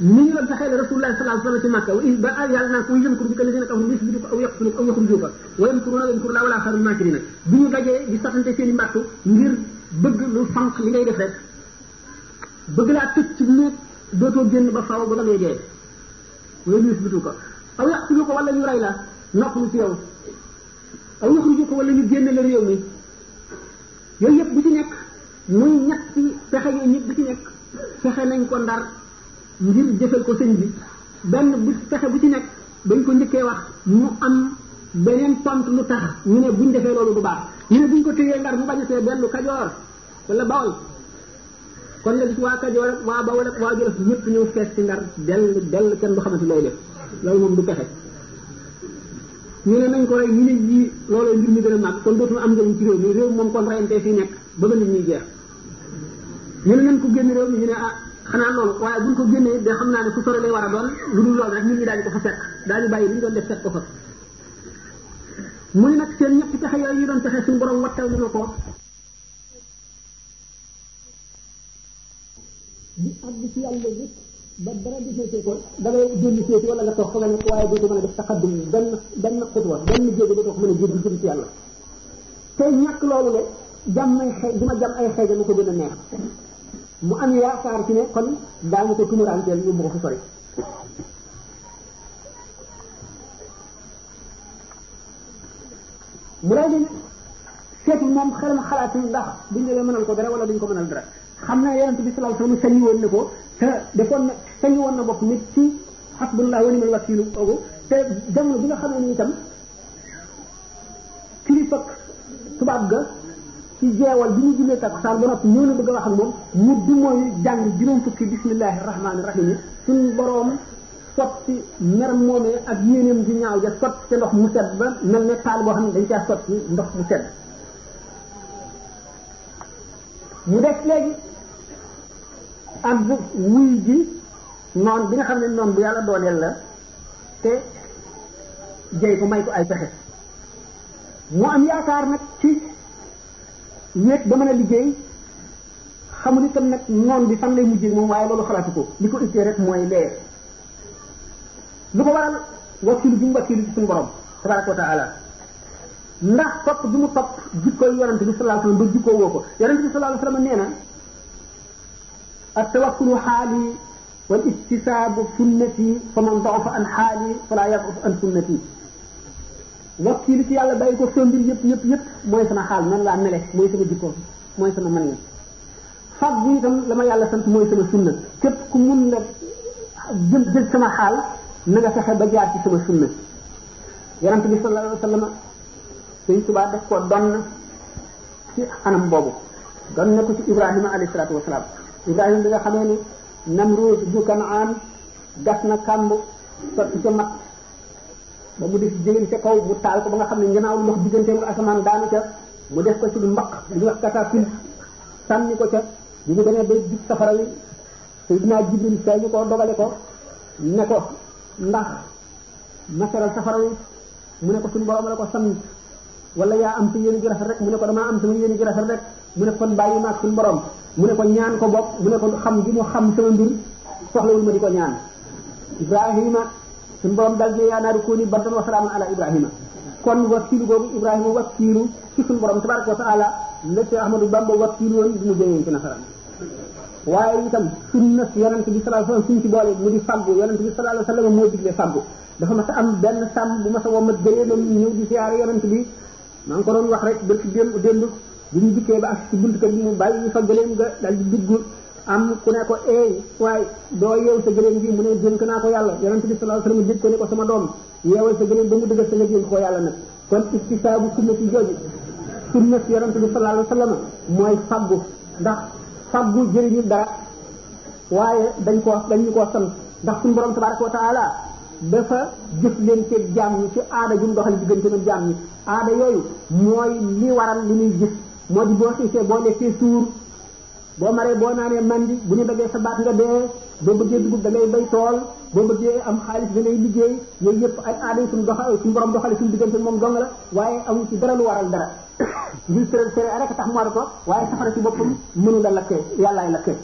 ni ñu la rasulullah sallallahu alayhi ma ci Makka wa ba yàlla naan ko yëmkum bi ka lisina kafaru lisbiduka aw yaqtuluka aw yaxrujuka wa yamkuruna wa yamkurullahu wa la xayrul makirin bu ñu dajee di satante seen i mbattu ngir bëgg lu fanq li ngay def rek bëgg laa tëj ci néeg dootoo génn ba faaw ba ba ngay dee wa yusbituka aw yaqtuluka wala ñu rey la nopp lu ci yow aw yuxriju ko wala ñu génne la réew mi yooyu yëpp bu ci nekk muy ñetti pexe yooyu ñëpp bu ci nekk fexe nañ ko ndar ngir jëfal ko sëñ bi benn bu pexe bu ci nekk bañ ko njëkkee wax mu am beneen tontu lu tax ñu ne buñ defee loolu bu baax ñu ne buñ ko téyee ndar mu bañ a see dellu kajoor wala bawol kon la gis waa kajoor waa bawol ak waa jolof ñëpp ñëw fees ci ndar dell dell kenn du xamante looy def loolu moom du pexe ñu ne nañ ko rey ñu yii looloo mbir mi gën a màgg kon am njëriñ ci réew mi réew moom kon reyante fi nekk ba ba nit ñuy jeex ne nañ ko génn réew ah xanaa loolu waaye buñ ko génnee de xam naa ne fu sore lay war a doon lu dul loolu rek nit ñi daañu ko fa fekk daañu bàyyi li ñu doon def fekk ko fa mu ne nag seen ñetti pexe yooyu ñu doon pexe suñu borom wattal na ko di àgg ci yàlla yëpp ba dara di féete ko da ngay génn féete wala nga toog fa nga nekk waaye dootu mën a def taxaddum benn benn xutwa benn jéego dootoo ko a jéggi jëm ci yàlla tey ñàkk loolu le jàmm ay xëy di ma jàmm ay xëy mu ko gën a neex mu am yaakaar ci ne ko tumuranteel ñu ko fi sori mu lay di seet moom xelam xalaat ndax duñ leen mënal ko dara wala duñ ko mënal dara xam na yonent bi sallallahu alayhi wasallam sañu ne ko defoon na sañu woon na bopp nit ci hasbunallah wa ni'mal wakiilu boobu te jamono bi nga xam ne ni itam kilifa tubaab ga ci jeewal bi ñu jullee takkusaan ba noppi ñëw na bëgg a wax ak moom mu du mooy jàng juróom fukki bismillahi rahmaani rahim yi suñ boroom sotti mer moomee ak yéeneem ji ñaaw ja sotti ca ndox mu sedd ba ne taal boo xam ne dañ caa sotti ndox mu sedd mu des léegi ak wuy ji noon bi nga xam ne noon bu yàlla dooleel la te jëy ko may ko ay pexe mu am yaakaar nag ci wéet ba mën a liggéey xamul itam nag noon bi fan lay mujjee moom waaye loolu xalaatu ko li ko ittee rek mooy lee lu ko waral wakkilu bi mu wakkilu ci suñu borom tabaraka wa ndax topp bi mu topp jikkooy yonante bi sallallahu alayhi wasallam ba jikkoo woo ko yonante bi sallallahu alayhi wasallam nee na at tawakkulu xaali wal istisaabu sunnati fa man da'afa an xaali fala yad'af an sunnati wakkiilu ci yàlla bàyyi ko sembir yëpp yëpp yëpp mooy sama xaal man la mele mooy sama jikko mooy sama man la fag bu itam la ma yàlla sant mooy sama sunna képp ku mun la jël jël sama xaal na nga fexe ba jaar ci sama sunna yonent bi sallallahu alayhi wa sallam Sëriñ Tuubaa daf ko donn ci anam boobu donn na ko ci Ibrahima alayhi salaatu wasalaam Ibrahima bi nga xamee Namruud bu Kanaan gas na kàmb sotti ca mat ba mu def jigéen ca kaw bu taal ko ba nga xam ne ngenaaw lu ndox digganteem ak asamaan daanu ca mu def ko ci lu mbaq lu wax catapile sànni ko ca bi mu demee ba jub safara wi Sayyidina Jibril feeñu ko dogale ko ne ko ndax masaral safara wi mu ne ko suñu borom la ko sant wala yaa am sa yéene ji rek mu ne ko damaa am sama mu ji rafet rek mu ne kon bàyyi maag suñu borom mu ne ko ñaan ko bopp mu ne ko xam gi mu xam sama mbir soxlawul ma di ko ñaan ibrahima suñu borom dal ne yaa naaru kuuni bardan wa salaaman ala ibrahima kon wakiilu boobu ibrahima wakiilu ci suñu borom wa taala la Cheikh Ahmadou Bamba wakiilu woon mu jëlee ci nasaraan waaye itam sunna yonente bi sallallahu alayhi wasallam ci boole di fàggu bi sallallahu alayhi dafa mas a am benn sàmm bu mas a womat gëlee ñëw di siyaare yonente bi maa ngi ko doon wax rek dëkk démb démb bi ñu dikkee ba ak ci bunt ka bi mu bàyyi fa gëléem ga dal di dugg am ku ne ko eey waaye doo yeew sa gëléem gi mu ne dénk naa ko yàlla yonent bi sallallahu alayhi wasallam jëkk ko ne ko sama doom yeewal sa gëléem ba mu dëggal sa nga dénk ko yàlla nag kon istisaabu sunna ci jooju sunna ci yonent bi sallallahu alayhi wasallam mooy faggu ndax faggu jëriñu dara waaye dañ ko dañu ko sant ndax suñu borom tabaraka wa taala dafa jëf leen ceeg jaam ñi ci aada ju mu doxal diggante nag jaam ñi aada yooyu mooy li waral li muy jëf moo di boo xiifee boo lekkee suur boo maree boo naanee mandi bu ñu bëggee sa baat nga dee boo bëggee dugub da ngay bay tool boo bëggee am xaalis da ngay liggéey yooyu yëpp ay aada suñu doxal suñu borom doxale suñu diggante moom dong la waaye amul ci dara lu waral dara ngir tëral tëral rek tax mu war ko waaye safara ci boppam mënu la lakkee yàllaay lakkee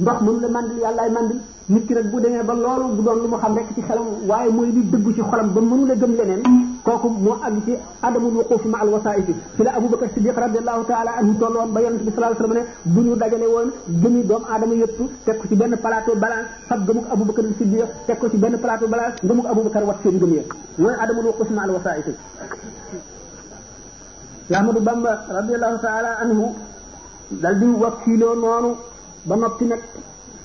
ndox mënu la mandil yàllaay mandil nit ki bu demee ba loolu bu doon lu mu xam rek ci xelam waaye mooy li dëggu ci xolam ba mënu la gëm leneen kooku moo àgg ci adamul wuquufi ma al wasaaifi ci la aboubacar siddiq radiallahu taala anhu toll woon ba yonente bi sallallahu alayhi wasallam ne bu ñu dajale woon gëmi doomu aadama yëpp teg ci benn plateau balance fab gëmuk aboubacar siddiq teg ko ci benn plateau balance gëmuk aboubacar wat seen gëm yëpp mooy adamul wuquufi ma al wasaaifi ahmadu bamba radiallahu taala anhu dal di wakkiloo noonu ba noppi nag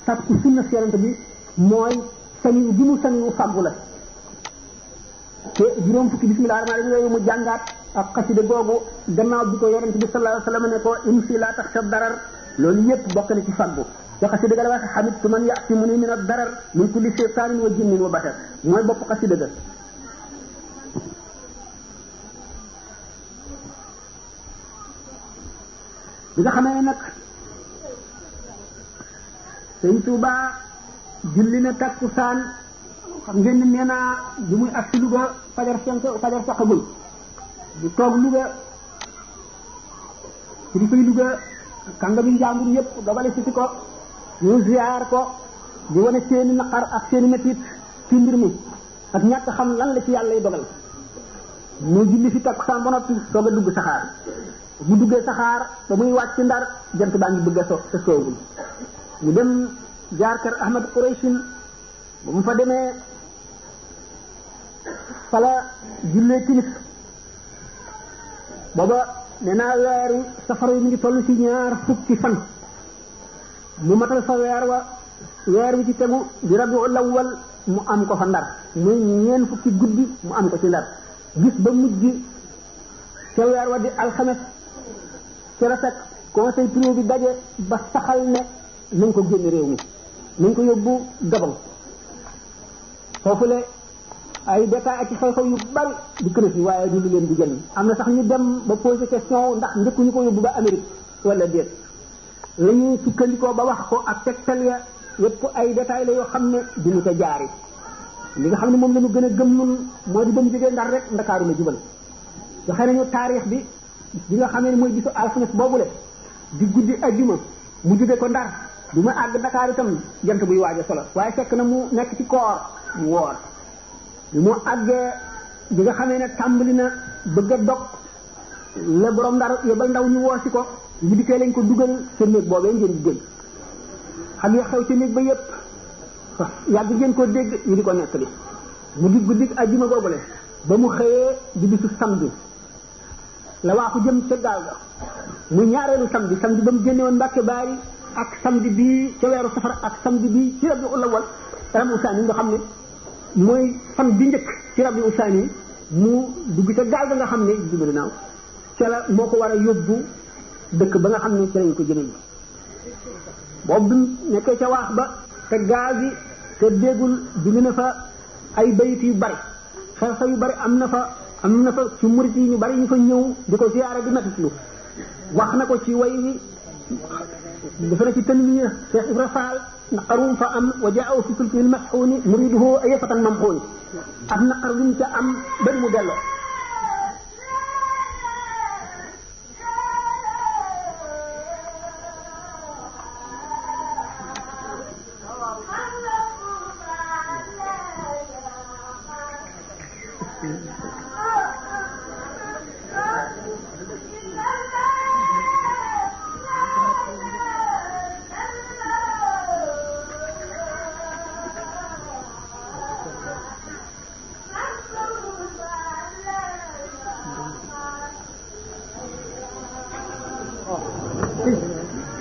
sakku sunna si yonente bi mooy sañu gi mu sañu la te juróom fukki bismillah rahmaan rahim yooyu mu jàngaat ak xasida googu gannaaw bi ko yonent bi sallallahu alayhi wasallam ne ko imsi laa tax sa darar loolu yëpp bokk na ci faggu te xasida ga la wax xamit su man yaati mu ni min darar min kulli seytaanin wa jinnin wa basar mooy bopp xasida ga bi nga xamee ne nag sëñ Tuubaa julli na takkusaan xam ngeen ne nee naa bi muy ak ci Louga fajar fenk fajar saxagul di toog Louga ci bi njàmbur yëpp dabale si si ko mi ak xam lan la ci yàlla yi dogal mu julli fi takkusaan ba noppi soog a dugg saxaar bu duggee saxaar ba muy jant baa ngi bëgg a soogul mu dem jaar kër Ahmad Qurayshin mu fa demee fala jullee timis booba nee naa weeru safar wi mi ngi toll ci ñaar fukki fan mu matal fa weer wa weer wi ci tegu di rabiul awwal mu am ko fa ndar muy ñeen fukki guddi mu am ko ci ndar gis ba mujj ca weer wa di alxames ca la fekk conseil bi daje ba saxal ne nañ ko génn réew mi nañ ko yóbbu gabon foofule ay détails ak ci xew-xew yu bari di creuser waaye du lu leen di jëriñ am na sax ñu dem ba poser question ndax njëkkuñu ko yóbbu ba Amérique wala déet la ñuy sukkandikoo ba wax ko ak tegtal ya yépp ay détails la yoo xam ne duñu ko jaari li nga xam ne moom lañu gën a gëm nun moo di ba mu jógee ndar rek ndakaaru la jubal waxe nañu taarix bi bi nga xam ne mooy gisu boobu boobule di guddi ajjuma mu jóge ko ndar du mu àgg Dakar tam jant buy waaj a waaye fekk na mu nekk ci koor mu woor bi mu àggee bi nga xamee ne tàmbali na bëgg a dog la borom ndar yebal ndaw ñu ci ko bu dikkee lañ ko dugal ca néeg boobee ngeen di dégg xam ya xew ca néeg ba yépp yàgg ngeen ko dégg ñu di ko nekk li mu di guddi ajjuma googule ba mu xëyee di bisu samedi la waaxu jëm ca gaal ga mu ñaareelu samedi samedi ba mu génne woon mbàkke baari ak samedi bii ca weeru safar ak samedi bii ci rabi ulawal rabu saani nga xam ne mooy fan bi njëkk ci rabi usaani mu dugg ca gaal ba nga xam ne jubali naaw ca la moo ko war a yóbbu dëkk ba nga xam ne ca lañ ko jëlee boobu bi nekkee ca waax ba te gaal gi te déggul bind na fa ay bayit yu bari xew-xew yu bari am na fa am na fa su murit yi ñu bari ñu fa ñëw di ko ziyaara di metitlu wax na ko ci way wi dafa na ci tën wi Cheikh Ibra Fall naqar wu mu fa am wa jaaw fi tulkihil maxuuni muriduhu ay fatan mamxuuni ak naqar wi mu ca am bari mu delloo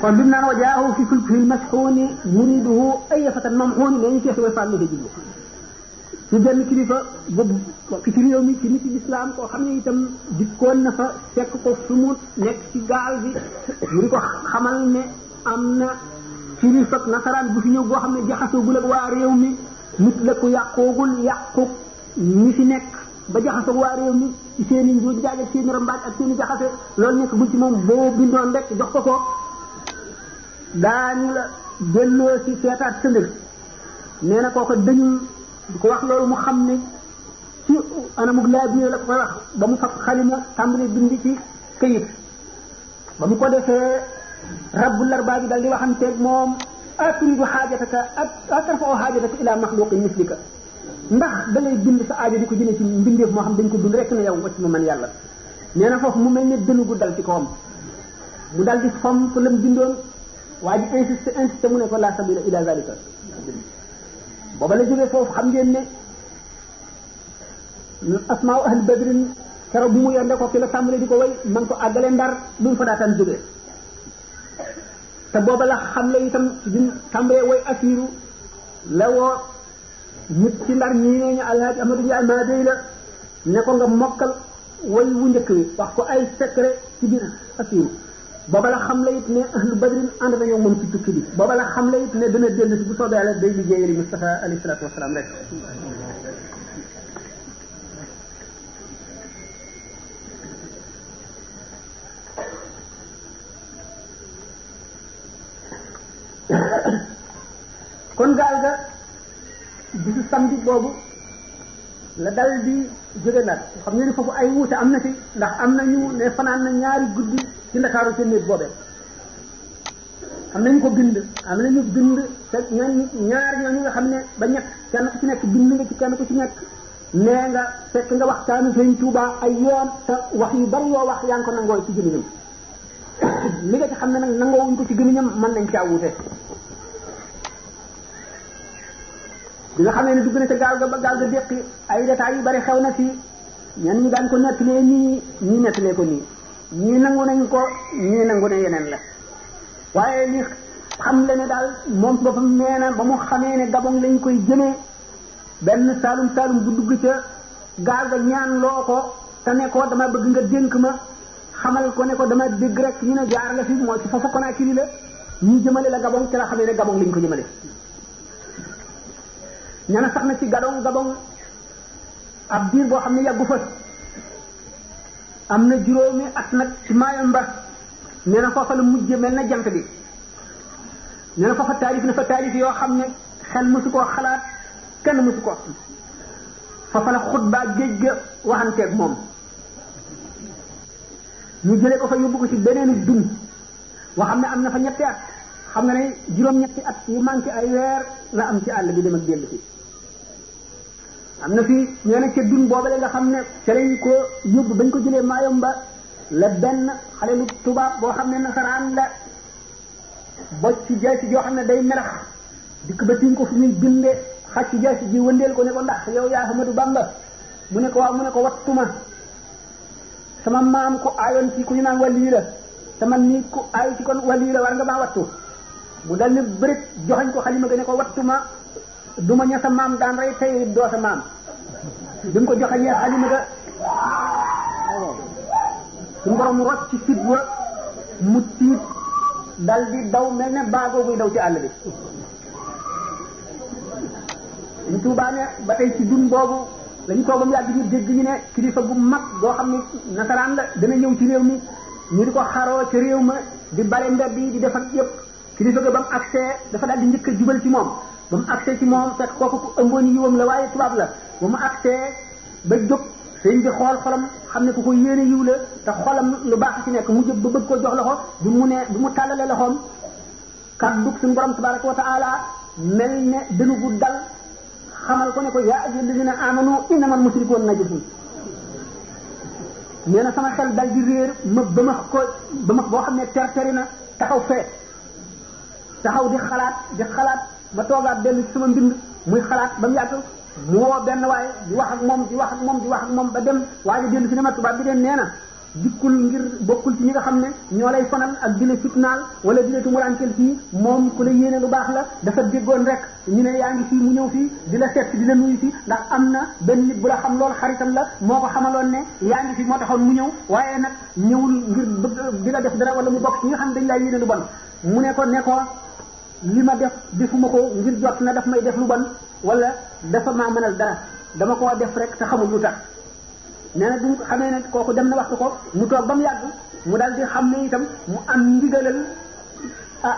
kon bi mu naan wajaahu fi fulkihil mashuuni yuriduhu ayfatan mamhuuni nee ñu ci way fànn da jublu ci benn kilifa bu ci réew mi ci nit lislaam koo xam ne itam dikkoon na fa fekk ko fi nekk ci gaal bi mu di xamal ne am na kilifa nasaraan bu fi ñëw goo xam ne jaxasoogul ak waa réew mi nit la ku yàqoogul yàqu ñi fi nekk ba jaxasoog waa réew mi ci seen i njuuj njaaj ak seen i ak seen i jaxase loolu nekk bu moom boo bindoon rek jox ko ko daañu la delloo ci seetaat sa kooku dañuy di ko wax loolu mu xam ne ci anamug laa biir la ko koy wax ba mu fab xalima tàmbali bind ci këyit ba mu ko defee rabbu larbaa bi dal di waxanteeg moom aturidu xaajataka atarfao xaajataka ila maxluqin mislika ndax da lay bind sa aajo di ko jëne ci mbindeef moo xam dañ ko dund rek na yow wacc ma man yàlla nee na foofu mu mel ne dënu gu dal ci kawam mu dal di fom fu lam bindoon waa ji insisté insisté mu ne ko la sabila ila zalika booba la jógee foofu xam ngeen ne asmaaw ahli badrin keroog bu mu yende ko ki la tàmbalee di ko way man ko àggale ndar duñ fa daataan jógee te booba la xam la itam duñ tàmbalee way asiru la woo nit ci ndar ñii nee ñu alhaaji Amadou Ndiaye maa day la ne ko nga mokkal way wu njëkk wi wax ko ay secret ci biir asiru booba la xam la it ne ahlu badrin ànd na yow moom ci tukki la xam la ne dana dellu si bu soobee yàlla day liggéeyali Mustafa alayhi salaatu wasalaam rek kon gaal ga bisu samedi boobu la dal di jóge nag xam ngeen ni foofu ay wuute am na ci ndax am nañu ne fanaan na ñaari guddi ci ndakaaru seen néeg boobee am nañu ko bind am nañu bind te ñooñu ñaar ñooñu nga xam ne ba ñett kenn ku ci nekk bind nga ci kenn ku ci nekk nee nga fekk nga waxtaanu seen Tuuba ay yoon te wax yu bari yoo wax yaa ngi ko nangoo ci gémmiñam li nga ci xam ne nag nangoo wuñ ko ci gémmiñam mën nañ caa wuute bi xamee ne dugg na ca gaal ga ba gaal ga déqi ay détails yu bari xew na fii ñenn ñi daan ko nettalee nii ñii nettalee ko nii ñii nangu nañ ko ñii nangu ne yeneen la waaye li xam le daal moom boppam nee na ba mu xamee ne gabon lañ koy jëlee benn saalum saalum bu dugg ca ga ñaan loo ko te ne ko dama bëgg nga dénk ma xamal ko ne ko dama dégg rek ñu ne jaar la fi moo ci fafa Conakry la ñu jëmale la gabon ci la xamee ne gabon lañ ko jëmale ñana sax na ci gadong gadong ab diir boo xam ne yàggu fa am na juróomi at nag ci maayam ba nee na foofa la mujje mel na jant bi nee na foofa taalif na fa taalif yoo xam ne xel mësu xalaat kenn mësu koo xam la xutbaa géej ga waxanteeg moom ñu jëlee ko fa yóbbu ko ci beneen dun boo xam ne am na fa ñetti at xam nga ne juróom-ñetti at yu manqué ay weer la am ci àll bi dem ak dellu si am na fi nee na ca dun boobale nga xam ne ca lañ ko yóbbu bañ ko jëlee maayom ba la benn xale lu tubaab boo xam ne nasaraan la bocc jaasi joo xam ne day melax dikk ba tiim ko fu muy binde xaj ci jaasi ji wëndeel ko ne ko ndax yow yaa Ahmadu Bamba mu ne ko waaw mu ne ko wattuma sama maam ko aayoon ci ku ñu naan wàllu yi te man nii ku aayu ci kon wàllu yi la war nga maa mu dal ne bërit joxañ ko xalima ga ne ko wattuma du ma ña sa maam daan rey tey doo sa ko joxañee xalima ga suñu borom rot ci fit wa mu tiit dal di daw mel ne baagoo buy daw ci àll bi ñu tuubaa ci dun boobu lañu toog ba mu yàgg ñu dégg ne kilifa bu mag boo xam ne nasaraan la dana ñëw ci réew mi ñu di ko xaroo ci réew ma di bale mbedd di def ak kilifa ga ba mu accès dafa daal di njëkk a jubal ci moom ba mu accès ci moom fekk kooku ku ëmboon yiwam la waaye tubaab la ba mu accès ba jóg sëñ bi xool xolam xam ne ku ko yéene yiw la te xolam lu baax ci nekk mu jóg ba bëgg ko jox la bi mu ne bi mu tàllale loxoom kàddu suñu borom tabaraka wa taala mel ne dënu bu dal xamal ko ne ko yaa ayyuhal ladina amanu innamal musrikuuna najasun nee na sama xel dal di réer ma ba ma ko ba ma boo xam ne ter teri na taxaw taxaw di xalaat di xalaat ma toogaat benn sama mbind muy xalaat ba mu yàgg mu woo benn waaye wax ak moom di wax ak moom di wax ak moom ba dem waaye dellu si ne ma tubaab bi de nee na dikkul ngir bokkul ci ñi nga xam ne ñoo lay fanal ak di la fitnaal wala di la tumuraankeel fii moom ku la yenee lu baax la dafa déggoon rek ñu ne yaa ngi fii mu ñëw fii dina la seet di la nuyu fii ndax am na benn nit bu la xam lool xaritam la moo ko xamaloon ne yaa ngi fii moo taxoon mu ñëw waaye nag ñëwul ngir bëgg def dara wala mu bokk ci ñi nga xam ne dañ lay yéene lu bon mu ne ko ne li ma def ma ko ngir jot na daf may def lu bon wala dafa maa mënal dara dama koo def rek te xamul lu tax nee na bu xamee ne kooku dem na waxtu ko mu toog ba mu yàgg mu daal di xam ne itam mu am ndigalal ah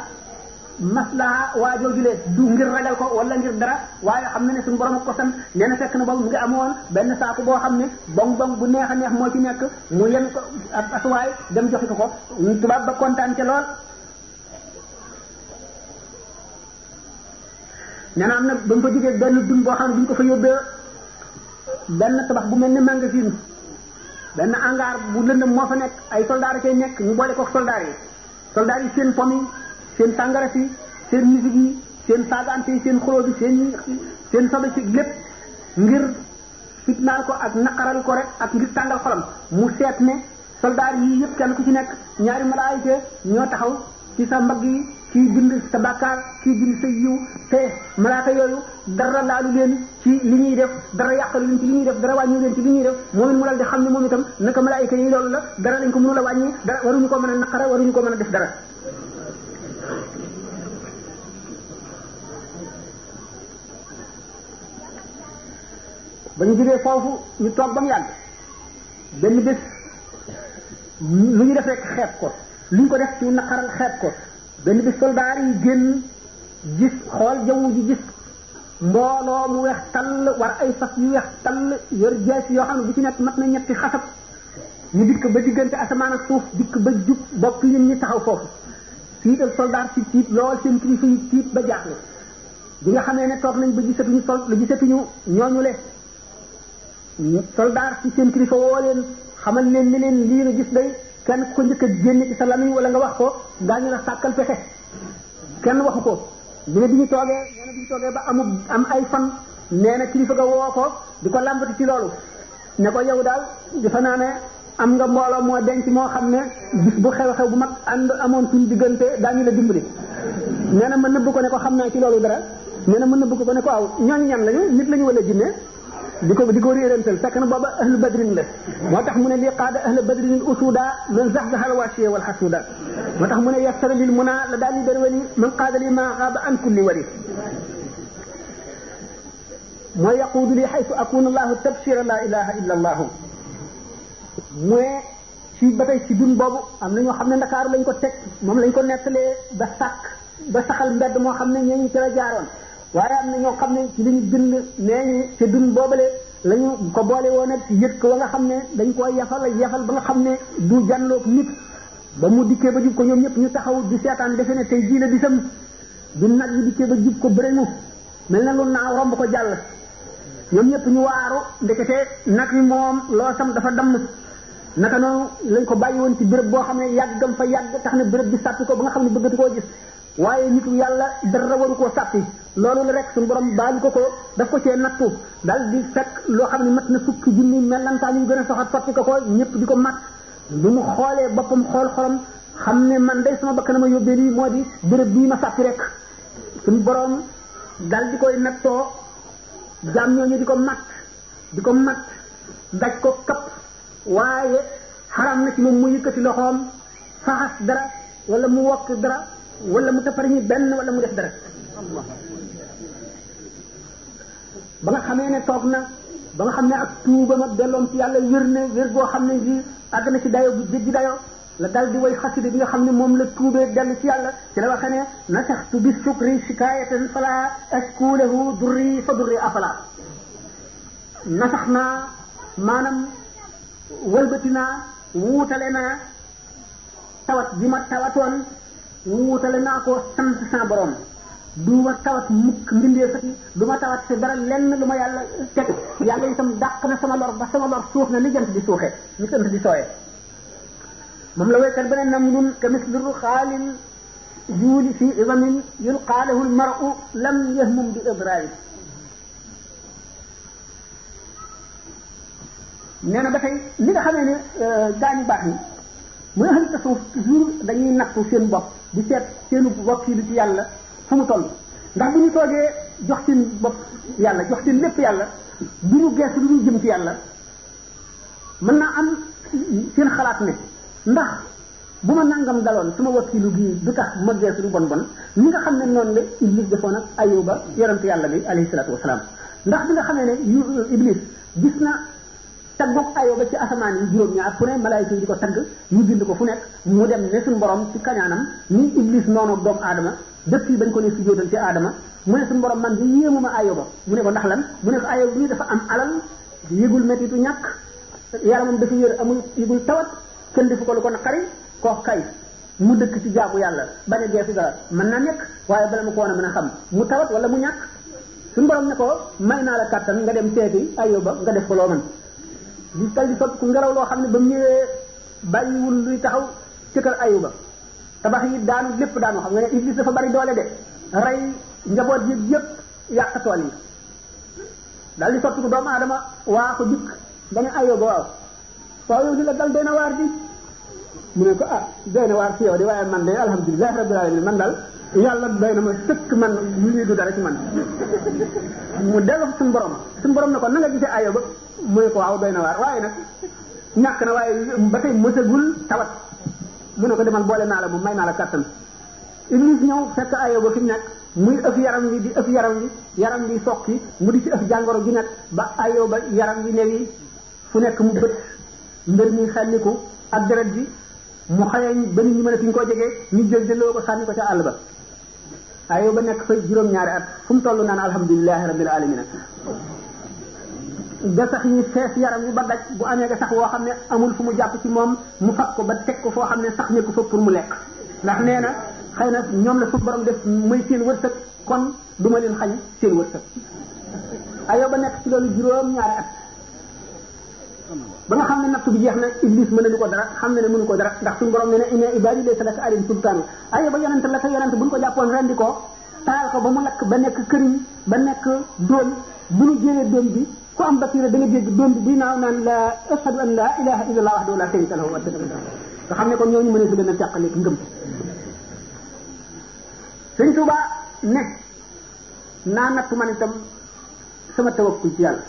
maslaha waa joojulee du ngir ragal ko wala ngir dara waaye xam na ne suñu borom ko san nee na fekk na boobu mu ngi amoon benn saaku boo xam ne bong bong bu neex neex moo ci nekk mu yen a ak dem joxe ko ko tubaab ba kontaan ca lool nee na am nag ba mu fa jógee benn dun boo xam ne bu ñu ko fa yóbbee benn tabax bu mel ni magasin benn hangar bu lëndëm moo fa nekk ay soldats cay nekk ñu boole ko soldats yi soldats yi seen pom seen sàngara si seen musique yi seen saagante yi seen xoloo bi seen seen sobe ci ngir fitnaal ko ak naqaral ko rek ak ngir tàngal xolam mu seet ne soldats yi yëpp kenn ku ci nekk ñaari malaayika ñoo taxaw ci sa mbagg yi kii bind sa bàkkaar kii bind sa yiw te malaaka yooyu dara laalu leen ci li ñuy def dara yàqalu leen ci ñuy def dara wàññi li ñuy def moom it xam ne moom itam naka malaayika yi loolu la dara lañ ko a wàññi dara waruñu ko mën a naqara waruñu ko mën a def dara ba ñu jógee foofu ñu toog ba mu yàgg benn bés lu ñu def rek xeeb ko lu ñu ko def ci naqaral xeeb ko benn bi soldaar yi génn gis xool jaww ji gis mbooloo mu weex tall war ay fas yu weex tall yor jees yoo xam ne bu ci nekk mat na ñetti xasab ñu dikk ba diggante asamaan ak suuf dikk ba jub bokk ñun ñi taxaw foofu tiital soldaar si tiit lool seen kilifa yi tiit ba jaaxle bi nga xamee ne toog nañ ba gisatuñu sol ba gisatuñu ñooñu le ñu soldaar si seen kilifa woo leen xamal leen ne leen lii nga gis day kenn ku ko njëkk a génn ci sa lamiñ wala nga wax ko daañu la sàkkal pexe kenn waxu ko ñu ne bi ñu toogee ba amul am ay fan nee na kilifa ga woo ko di ko làmbati ci loolu ne ko yow daal defe naa ne am nga mbooloo moo denc moo xam ne bis bu xew-xew bu mag ànd amoon suñu diggante daañu la dimbali nee na ma nëbb ko ne ko xam naa ci loolu dara nee na ma nëbb ko ne ko aw ñooñu ñan lañu nit lañu wala jinne di ko di ko réerantal fekk na ahlu badrin la moo tax mu ne lii qaada ahlu badrin usuda man zahzaha alwasiya wal hasuda moo tax mu ne yassara lil muna la daal dar wali man qaada li ma xaaba an kulli wali mooy yaquudu li xaytu akunu allahu tabshira la ilaha illa allahu mooy ci ba ci dun boobu am na ñoo xam ne ndakaaru lañ ko teg moom lañ ko nettalee ba sàkk ba saxal mbedd moo xam ne ñooñu ci la jaaroon waaye am na ñoo xam ne ci li ñu bind nee ñu ci dund boobale lañu ñu ko boole woon ak yët ko nga xam ne dañ koo yafal yafal ba nga xam ne du janloog nit ba mu dikkee ba jub ko ñoom ñëpp ñu taxaw di seetaan defe ne tey jii la bisam du nag yi dikkee ba jub ko bëriñu mel na lu naaw romb ko jàll ñoom ñëpp ñu waaru ndekete nag yi moom loo sam dafa damm naka noonu lañ ko bàyyi woon ci béréb boo xam ne yàggam fa yàgg tax na béréb bi sàppi ko ba nga xam ne bëggatu koo gis waaye nitu yàlla dara waru koo sàppi loolu la rek suñu borom baal ko ko daf ko cee nattu dal di fekk loo xam ne mat na fukki junni melantaan yu gën a soxat sotti ko ko ñëpp di ko mat lu mu xoolee boppam xool xam ne man day bakkan ma yóbbee lii moo di béréb bii ma sàppi rek suñu borom dal di koy nattoo jaam ñooñu di ko mat di ko daj ko kapp waaye xaram na ci moom mu yëkkati loxoom faxas dara wala mu wokk dara wala mu tafariñi benn wala mu def dara ba nga xamee ne toog na ba nga xam ne ak tuuba ma delloom ci yàlla wér na wér goo xam ne ji àgg na ci dayo bu jéggi dayo la dal di way xasida bi nga xam ne moom la tuubee dellu ci yàlla ci la waxee ne nasaxtu bi sukri shikayatan fala askulahu durri fa durri afala nasax naa maanaam wëlbati naa wuutale naa tawat bi ma tawatoon wuutale naa ko sant sa borom du ma tawat mukk mbindeef yi du lenn lu ma yàlla teg yàlla itam dàq na sama lor ba sama lor suuf na li jant di suuxee li jant di sooyee moom la waykat beneen nam dun ke misli ruxaalin juuli fi idamin yulqaa lahu lmaru lam yahmum bi idraari nee na ba tey li nga xamee ne euh, gaañu baax yi muy xam tasawuf toujours dañuy nattu seen bopp di seet seenu bopp yi di ci yàlla fu mu toll ndax bu ñu toogee jox seen bopp yàlla jox seen lépp yàlla bu ñu geesu du ñu jëm ci yàlla mën naa am seen xalaat ne ndax bu ma nangam daloon su ma wakkilu gii du tax ma geesu du bon bon ñi nga xam ne noonu la iblis defoon ak ayuba yonent yàlla bi alayhi salaatu wasalaam ndax bi nga xamee ne iblis gis na taggoog ayuba ci asamaan yi juróom-ñaar fu ne malaayika yi di ko tagg ñu bind ko fu nekk mu dem ne suñu borom ci kañaanam ni iblis noonu doomu aadama depuis bañ ko ne sujjóotal ci aadama mu ne suñu borom man di yéemuma ayoba mu ne ko ndax lan mu ne ko ayoba bi dafa am alal yëgul mettitu ñàkk yaramam dafa yër amul yëgul tawat kenn defu ko lu ko naqari koo kay mu dëkk ci jaabu yàlla bañ a geesu dara mën naa nekk waaye bala mu ko woon a mën xam mu tawat wala mu ñàkk suñu borom ne ko may naa la kàttan nga dem seeti ayoba nga def ko loo mën di tal di sotti ku ngelaw loo xam ne ba mu ñëwee bàyyiwul luy taxaw ci kër ayuba tabax yi daanu lépp daanu xam nga ne iblis dafa bari doole de rey njaboot yi yëpp yàq tool yi daal di sotti ko doomu aadama waa ko dikk ba dal doy na waar di mu ne ko ah doy na waar ci yow de waaye man de alhamdulilah rabbil alamin man daal yàlla doy na ma sëkk man lu ñuy du dara ci man mu dellu suñu borom suñu borom ne ko na nga gisee ayoo ba mu ne ko waaw doy na waar waaye nag ñàkk na waaye ba tey mësagul tawat mu ne ko demal boole naa la mu may naa la kàttan iblis ñëw fekk ayoo ba fi mu nekk muy ëf yaram wi di ëf yaram wi yaram wi sokki mu di ci ëf jàngoro ju nekk ba ayoo ba yaram wi newi fu nekk mu bët mbir mi ko ak deret bi mu xayañ ba nit ñi mën a fi ñu koo jegee ñu jël jëloo ko xànni ko ca àll ba ayoo ba nekk fa juróom-ñaari at fu mu toll naan alhamdulilahi rabbil alamina ba sax yi fees yaram yi ba daj bu amee nga sax woo xam ne amul fu mu jàpp ci moom mu fab ko ba teg ko foo xam ne sax nekku fa pour mu lekk ndax nee na xëy na ñoom la su borom def muy seen wërsëg kon du ma leen xañ seen wërsëg ayoo ba nekk ci loolu juróom-ñaari at ba nga xam ne natt bi na iblis mën ko dara xam ne ne mënu ko dara ndax suñu borom ba yonente la ka yonente bu ñu ko jàppoon rendi ko ko ba mu lakk ba nekk këriñ ba nekk doon bu ñu jëlee doon bi ko am ba da nga dégg doom bi buy naaw naan la ashhadu an la ilaha illa allah wahdahu la sharika lahu wa nga xam ne kon ñooñu mën a gën a teqale ngëm sëñ Tuuba ne naa nattu man itam sama tawakkul ci yàlla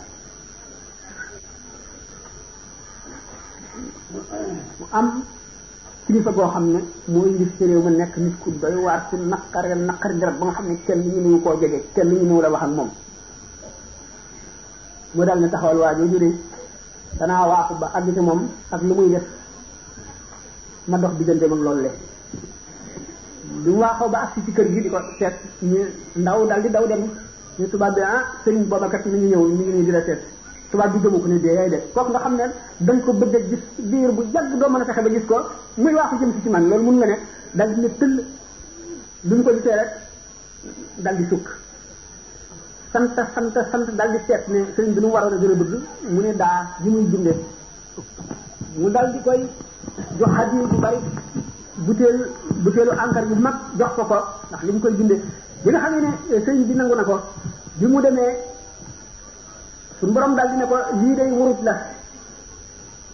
mu am kilifa goo xam ne moo indi ci réew ma nekk nit ku doy waar ku naqare naqar garab ba nga xam ne kenn ñu nuwu koo jege kenn ñu nuwu la wax moom moo daal ne taxawal waa jooju de danaa waaxu ba àgg moom ak lu muy def ma dox diggante moom loolu le bi mu waaxoo ba agsi ci kër gi di ko seet ndaw dal di daw dem ñu tubaab bi ah sëriñ kat mi ngi ñëw mi ngi nii di la seet tubaab bi gëmu ko ne dee yaay def kooku nga xam ne dañ ko bëgg a gis biir bu yàgg doo mën a fexe ba gis ko muy waaxu jëm si ci man loolu mun la ne dal di ne tëll duñ ko gisee rek dal di sukk sant sant sant daal di seet ne sëriñ bi nu mu waroon a gën a bëgg mu ne daa ji muy bindee mu dal di koy jox hadiya bu bari butéel butéelu encre bu mag jox ko ko ndax li mu koy bindee bi nga xam ne eh, sëriñ bi nangu na ko bi mu demee suñu borom daal di ne ko lii day wurut la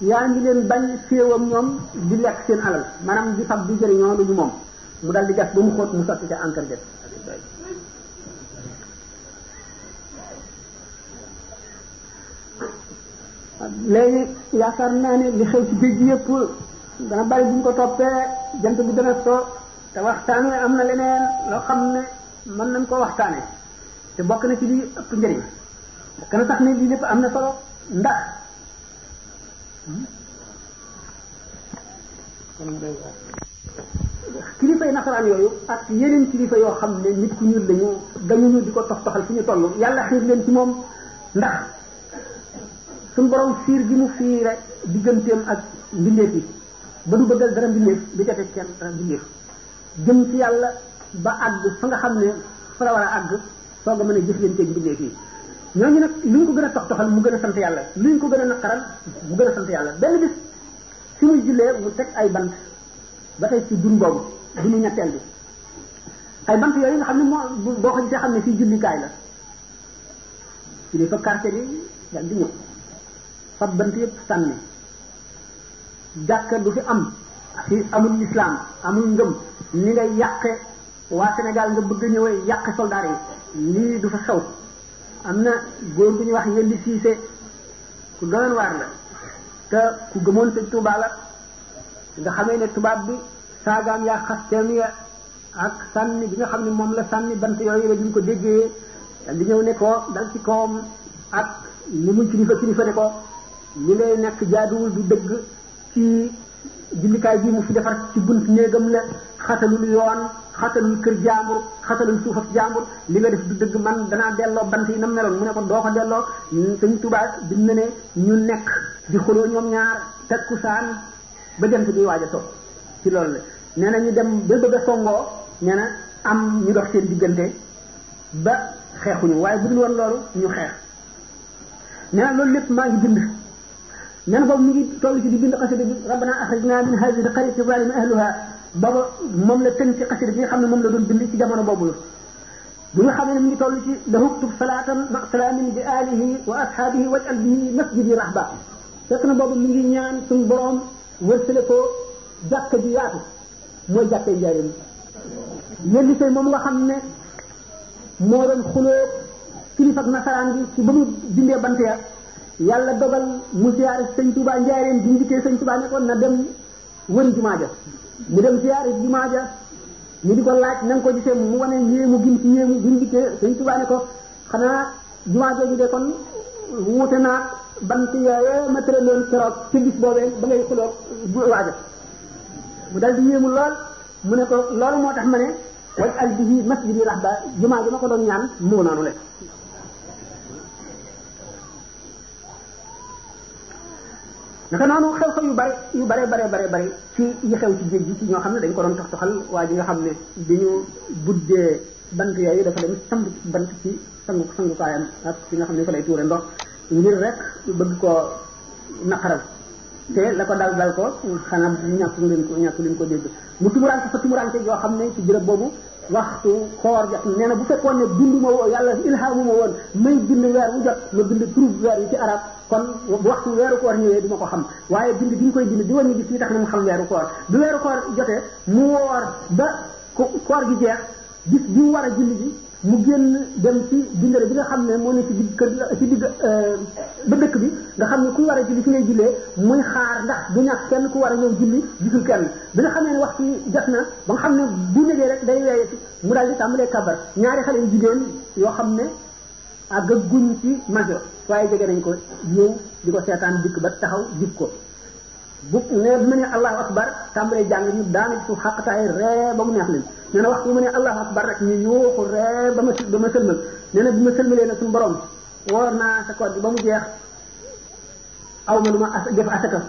yaa ngi leen bañ féewam ñoom di lekk seen alal maanaam di fab di jëriñoo lu ñu moom mu dal di gas ba mu xóot mu sotti ca encre léegi yaakaar naa ne li xew ci géej gi yëpp dana bari ko toppee jant bi dana so te waxtaan am na leneen loo xam ne mën nañ ko waxtaanee te bokk na ci li ëpp njëriñ bokk na tax ne lii lépp am na solo ndax kilifay nasaraan yooyu ak yeneen kilifa yoo xam ne nit ku ñuul lañu dañu ñu di ko tox toxal fi ñu toll xiir leen ci moom ndax suñu borom fiir gi mu fiire digganteem ak mbindeef yi ba du bëggal dara mbindeef bi ca teg kenn dara mbindeef jëm ci yàlla ba àgg fa nga xam ne fa la war a àgg soog a mën a jëflanteeg mbindeef yi ñooñu nag luñ ko gën a tox toxal mu gën a sant yàlla luñ ko gën a naqaral mu gën a sant yàlla benn bis fi jullee mu teg ay bant ba tey ci dun boobu du ñu ñetteel bi ay bant yooyu nga xam ne moo boo ko gisee xam ne fii jullikaay la ci fa quartier di fab bant yëpp sànni jàkka du ci am fi amul lislaam amul ngëm ni nga yàqe waa Sénégal nga bëgg ñëwee yàqe soldaar yi lii du fa xew am na góor bu ñuy wax yëlli siise ku doon waar la te ku gëmoon sëñ Tuubaa nga xamee ne tubaab bi saagaam yaa xasteem ya ak sànni bi nga xam ne moom la sànni bant yooyu la ñu ko déggee di ñëw ne ko dal ci kawam ak ni mu kilifa kilifa ne ko li ngay nekk jaaduwul du dëgg ci jullikaay bi mu fi defar ci bunt néegam la xatalul yoon xatalul kër jaambur xatalul suufaf jaambur li nga def du dëgg man danaa delloo bant yi nam meloon mu ne ko doo ko delloo Sëñ Tuubaa bind na ne ñu nekk di xuloo ñoom ñaar takkusaan ba jant bi waaj a ci loolu la nee na dem ba bëgg a songoo am ñu dox seen diggante ba xeexuñu waaye bu dul woon loolu ñu xeex nee loolu lépp maa ngi bind nen boobu mu ngi toll ci di bind xasida bi rabbana axrijna min hadihi alqaryati zalimi ahluha booba moom la tën ci xasida bi nga xam ne moom la doon bind ci jamono boobu la bi nga xam ne mu ngi toll ci lahuktub salatan ma salaamin bi alihi wa ashaabihi wajal bi masjidi rahba fekk na boobu mu ngi ñaan suñu borom wërsale ko jàkka ji yaatu mooy jàkkee njaarim yéen li moom nga xam ne moo doon xuloo kilifa bi ci ba mu dindee bant ya yàlla dogal mu siyaare sëñ Touba Ndiarène bi mu dikkee sëñ Touba ne ko na dem wëri jumaa ja mu dem siyaare jumaa ja ñu di ko laaj na nga ko gisee mu wane yéemu gim ci yéemu bi mu dikkee sëñ Touba ne ko xanaa jumaa jooju de kon wuute naa bant yooyee ma tëraloon keroog ci bis boobee ba ngay xuloo waaja mu dal di yéemu lool mu ne ko loolu moo tax ma ne waj al bihi masjidi rahba jumaa ji ma ko doon ñaan moo noonu naka noonu xew-xew yu bare yu bare bare bare bare ci yi xew ci géej gi ci ñoo xam ne dañ ko doon tax toxal waa ji nga xam ne bi ñu buddee bant yooyu dafa dem samb bant ci sangu sangukaayam ak fi nga xam ne fa lay tuure ndox ngir rek bëgg koo naqaral te la ko dal dal ko xanaa ñàkk leen ko ñàkk leen ko dégg mu tumuraanke fa tumuraanke yoo xam ne ci bërëb boobu waxtu xoor jot nee na bu fekkoon ne bind ma yàlla ilhaamu ma woon may bind weer wu jot ma bind trouve weer yi ci arab kon bu waxtu weeru koor ñëwee duma ko xam waaye bind bi ñu koy bind di wan ñu gis li tax na mu xam weeru koor bi weeru koor jotee mu woor ba koor gi jeex bis bi mu war a julli bi mu génn dem ci bindale bi nga xam ne moo ne ci digg kër ci digg euh, ba dëkk bi nga xam ne ku war a julli fi ngay jullee muy xaar ndax du ñàkk kenn ku war a ñëw julli gisul kenn bi nga xamee ne waxtu jot na ba nga xam ne bu négee rek day weeye ci mu daal di tàmbalee kabar ñaari xale yu jigéen yoo xam ne àgg guñ ci majeur waaye jege nañ ko ñëw di ko seetaan dikk ba taxaw gis ko bu ne bu mu ne allahu akbar tàmbalee jàng ñu daanu ci suuf xaqtaay ree ba mu neex na waxtu bu ne allahu akbar rek ñu yuuxu ree ba ma ba ma sëlmal nee na bi ma sëlmalee borom woor naa sa koor bi ba mu jeex aw ma nu ma as def asaka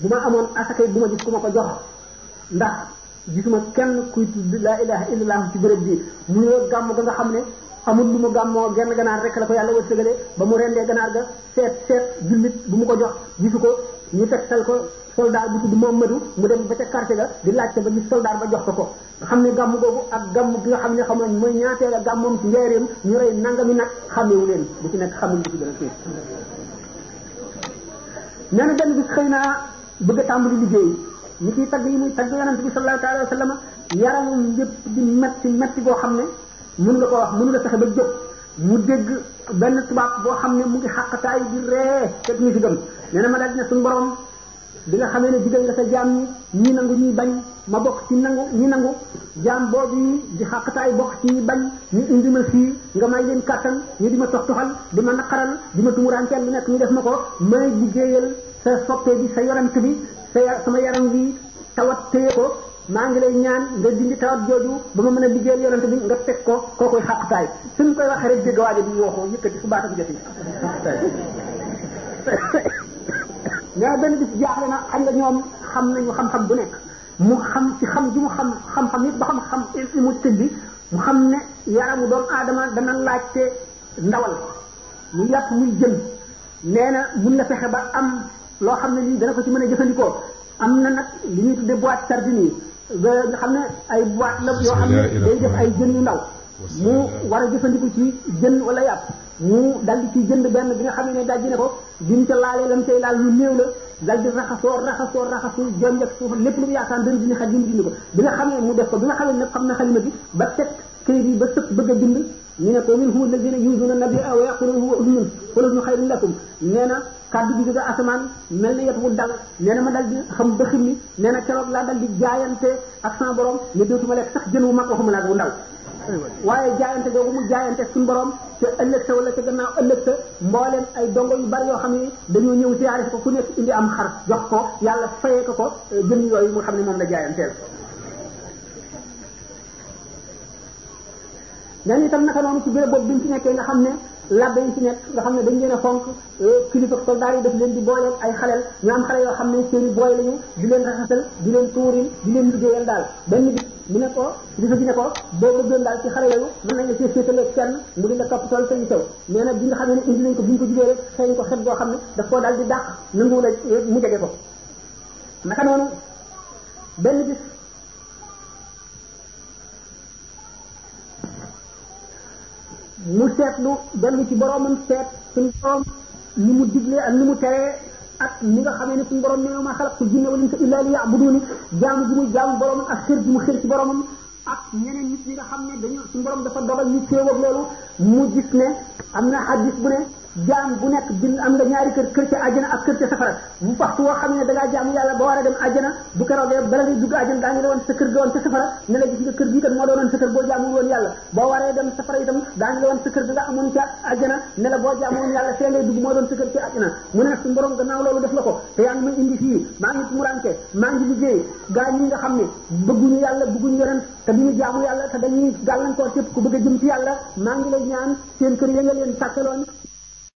bu ma amoon asaka yi du ma gis ku ma ko jox ndax gisuma kenn kuy tudd laa ilaha illallah ci béréb bi mu ñëw gàmm ga nga xam ne amul lu mu gàmmoo genn ganaar rek la ko yàlla wërsëgale ba mu rendee ganaar ga seet seet jullit bu mu ko jox gisu ko ñu sel ko soldat bu tudd Momadou mu dem ba ca quartier ga di laajte ba gis soldat ba jox ko ko xam ne gàmm googu ak gàmm gi nga xam xam mooy ñaateel a gàmmoom ci njeereem ñu rey nangami nag xamewu leen bu ci nekk xamul lu ci gën a tuuti nee na benn bis xëy naa bëgg a tàmbali liggéey ñu ciy tagg yi muy tagg yonent bi sallallahu alayhi wa sallam yaramum di metti metti goo xam ne mun la ko wax mënu la fexe ba jóg mu dégg benn tubaab boo xam ne mu ngi xàqataay di ree technique gam nee na ma ne bi nga xamee ne digal nga sa jaam ñi ñii ma bokk ci nangu ñi nangu jaam boobu yi di xàqataay bokk ci ñi bañ indi ma fii nga may leen kàttan ñu di ma tox toxal di ma naqaral di ma tumuraankeel lu nekk ñu def ma ko may liggéeyal sa soppe bi sa yorante bi sa sama yaram bi tawat téye ko maa ngi lay ñaan nga dindi tawat jooju ba ma mën a liggéeyal yonent bi nga teg ko koo koy xàqtaay suñ koy waxee rek dégg waajo bi yooxoo yëkkati su baatam joti ñaa benn bis jaaxle na xam nga xam nañu xam-xam bu nekk mu xam ci xam ji mu xam xam-xam yëpp ba xam xam ilmu tëbbi mu xam ne yaramu doomu aadama dana laajte ndawal mu yàpp muy jëm nee na mun na fexe ba am loo xam ne lii dana ko ci mën a jëfandikoo am na nag li ñuy tudde boîte sardine yi ba nga xam ne ay boîte la yoo xam ne day def ay jën yu ndaw mu wara a jëfandiku ci jën wala yàpp mu dal di ci jënd benn bi nga xam ne dajji ne ko bi mu ca laalee lam cay laal lu néew la dal di raxasoo raxasoo raxasu jom jak lépp lu mu yaakaar dañ dindi xaj li mu ko bi nga xam ne mu def ko bi nga xam ne nag xam na xalima bi ba teg këyit yi ba sëpp bëgg a bind ñu ne ko min huwa alladina bi nabia wa yaquluna huwa ullun qul huwa xayrun lakum nee na kàddu bi jóge asamaan mel na yet wu dal nee ma dal di xam dëxin mi nee na keroog laa dal di jaayante ak sama borom ne dootuma lekk sax jën wu mag waxuma laag wu ndaw waaye jaayante googu mu jaayante suñu borom te ëllëg sa wala ca dongo yu bari yoo xam ne dañoo ñëw ziyaare ko ku nekk indi am xar jox ko yàlla fayee ko eh, jën yooyu mu xam ne moom la jaayanteel nee na itam naka noonu ci biir boobu bi mu ci nekkee nga xam ne labbe yi ci nga xam ne dañ leen a fonk euh, kilifa soldaar yi daf leen di booleeg ay xaleel ñu am xale yoo xam ne seen i booy lañu di leen raxasal di leen tuuril di leen liggéeyal daal benn bi mu ne ko kilifa bi ne ko daal ci xale yooyu mën nañ la see séetalee kenn mu di la topp tool sañu taw bi nga xam ne indi nañ ko bu ñu ko jugee rek xëy ko xet boo xam ne daf koo daal di dàq nanguwu la eh, mu jege ko naka noonu benn bis mu seetlu dellu ci boromam seet suñu borom ni mu diglee ak ni mu teree ak ni nga xamee ne suñu borom nee ma xalaq ko jinne wala insa illa li ya'buduni jaamu gi muy jaamu boromam ak xër gi mu xër ci boromam ak ñeneen nit ñi xam ne dañu suñu borom dafa dogal ñu teew mu gis ne am na hadis bu jaam bu nekk bind am nga ñaari kër ca àjjana ak kër ca safara bu waxtu woo xam ne da jaamu yàlla ba war a dem àjjana bu keroogee bala ngay dugg àjjana daa ngi la woon sa kër ga woon ca safara ne la gis nga kër la woon sa kër amoon ca àjjana ne la boo jaamul woon yàlla fee ngay dugg moo doon sa kër ca àjjana mu ne suñu borom gannaaw loolu def la ko te yaa ngi indi fii maa ngi tumuranke maa ngi liggéey gaa ñi nga xam ne bëgguñu yàlla bëgguñu yoren te duñu jaamu yàlla te dañuy gàllankoor képp ku bëgg a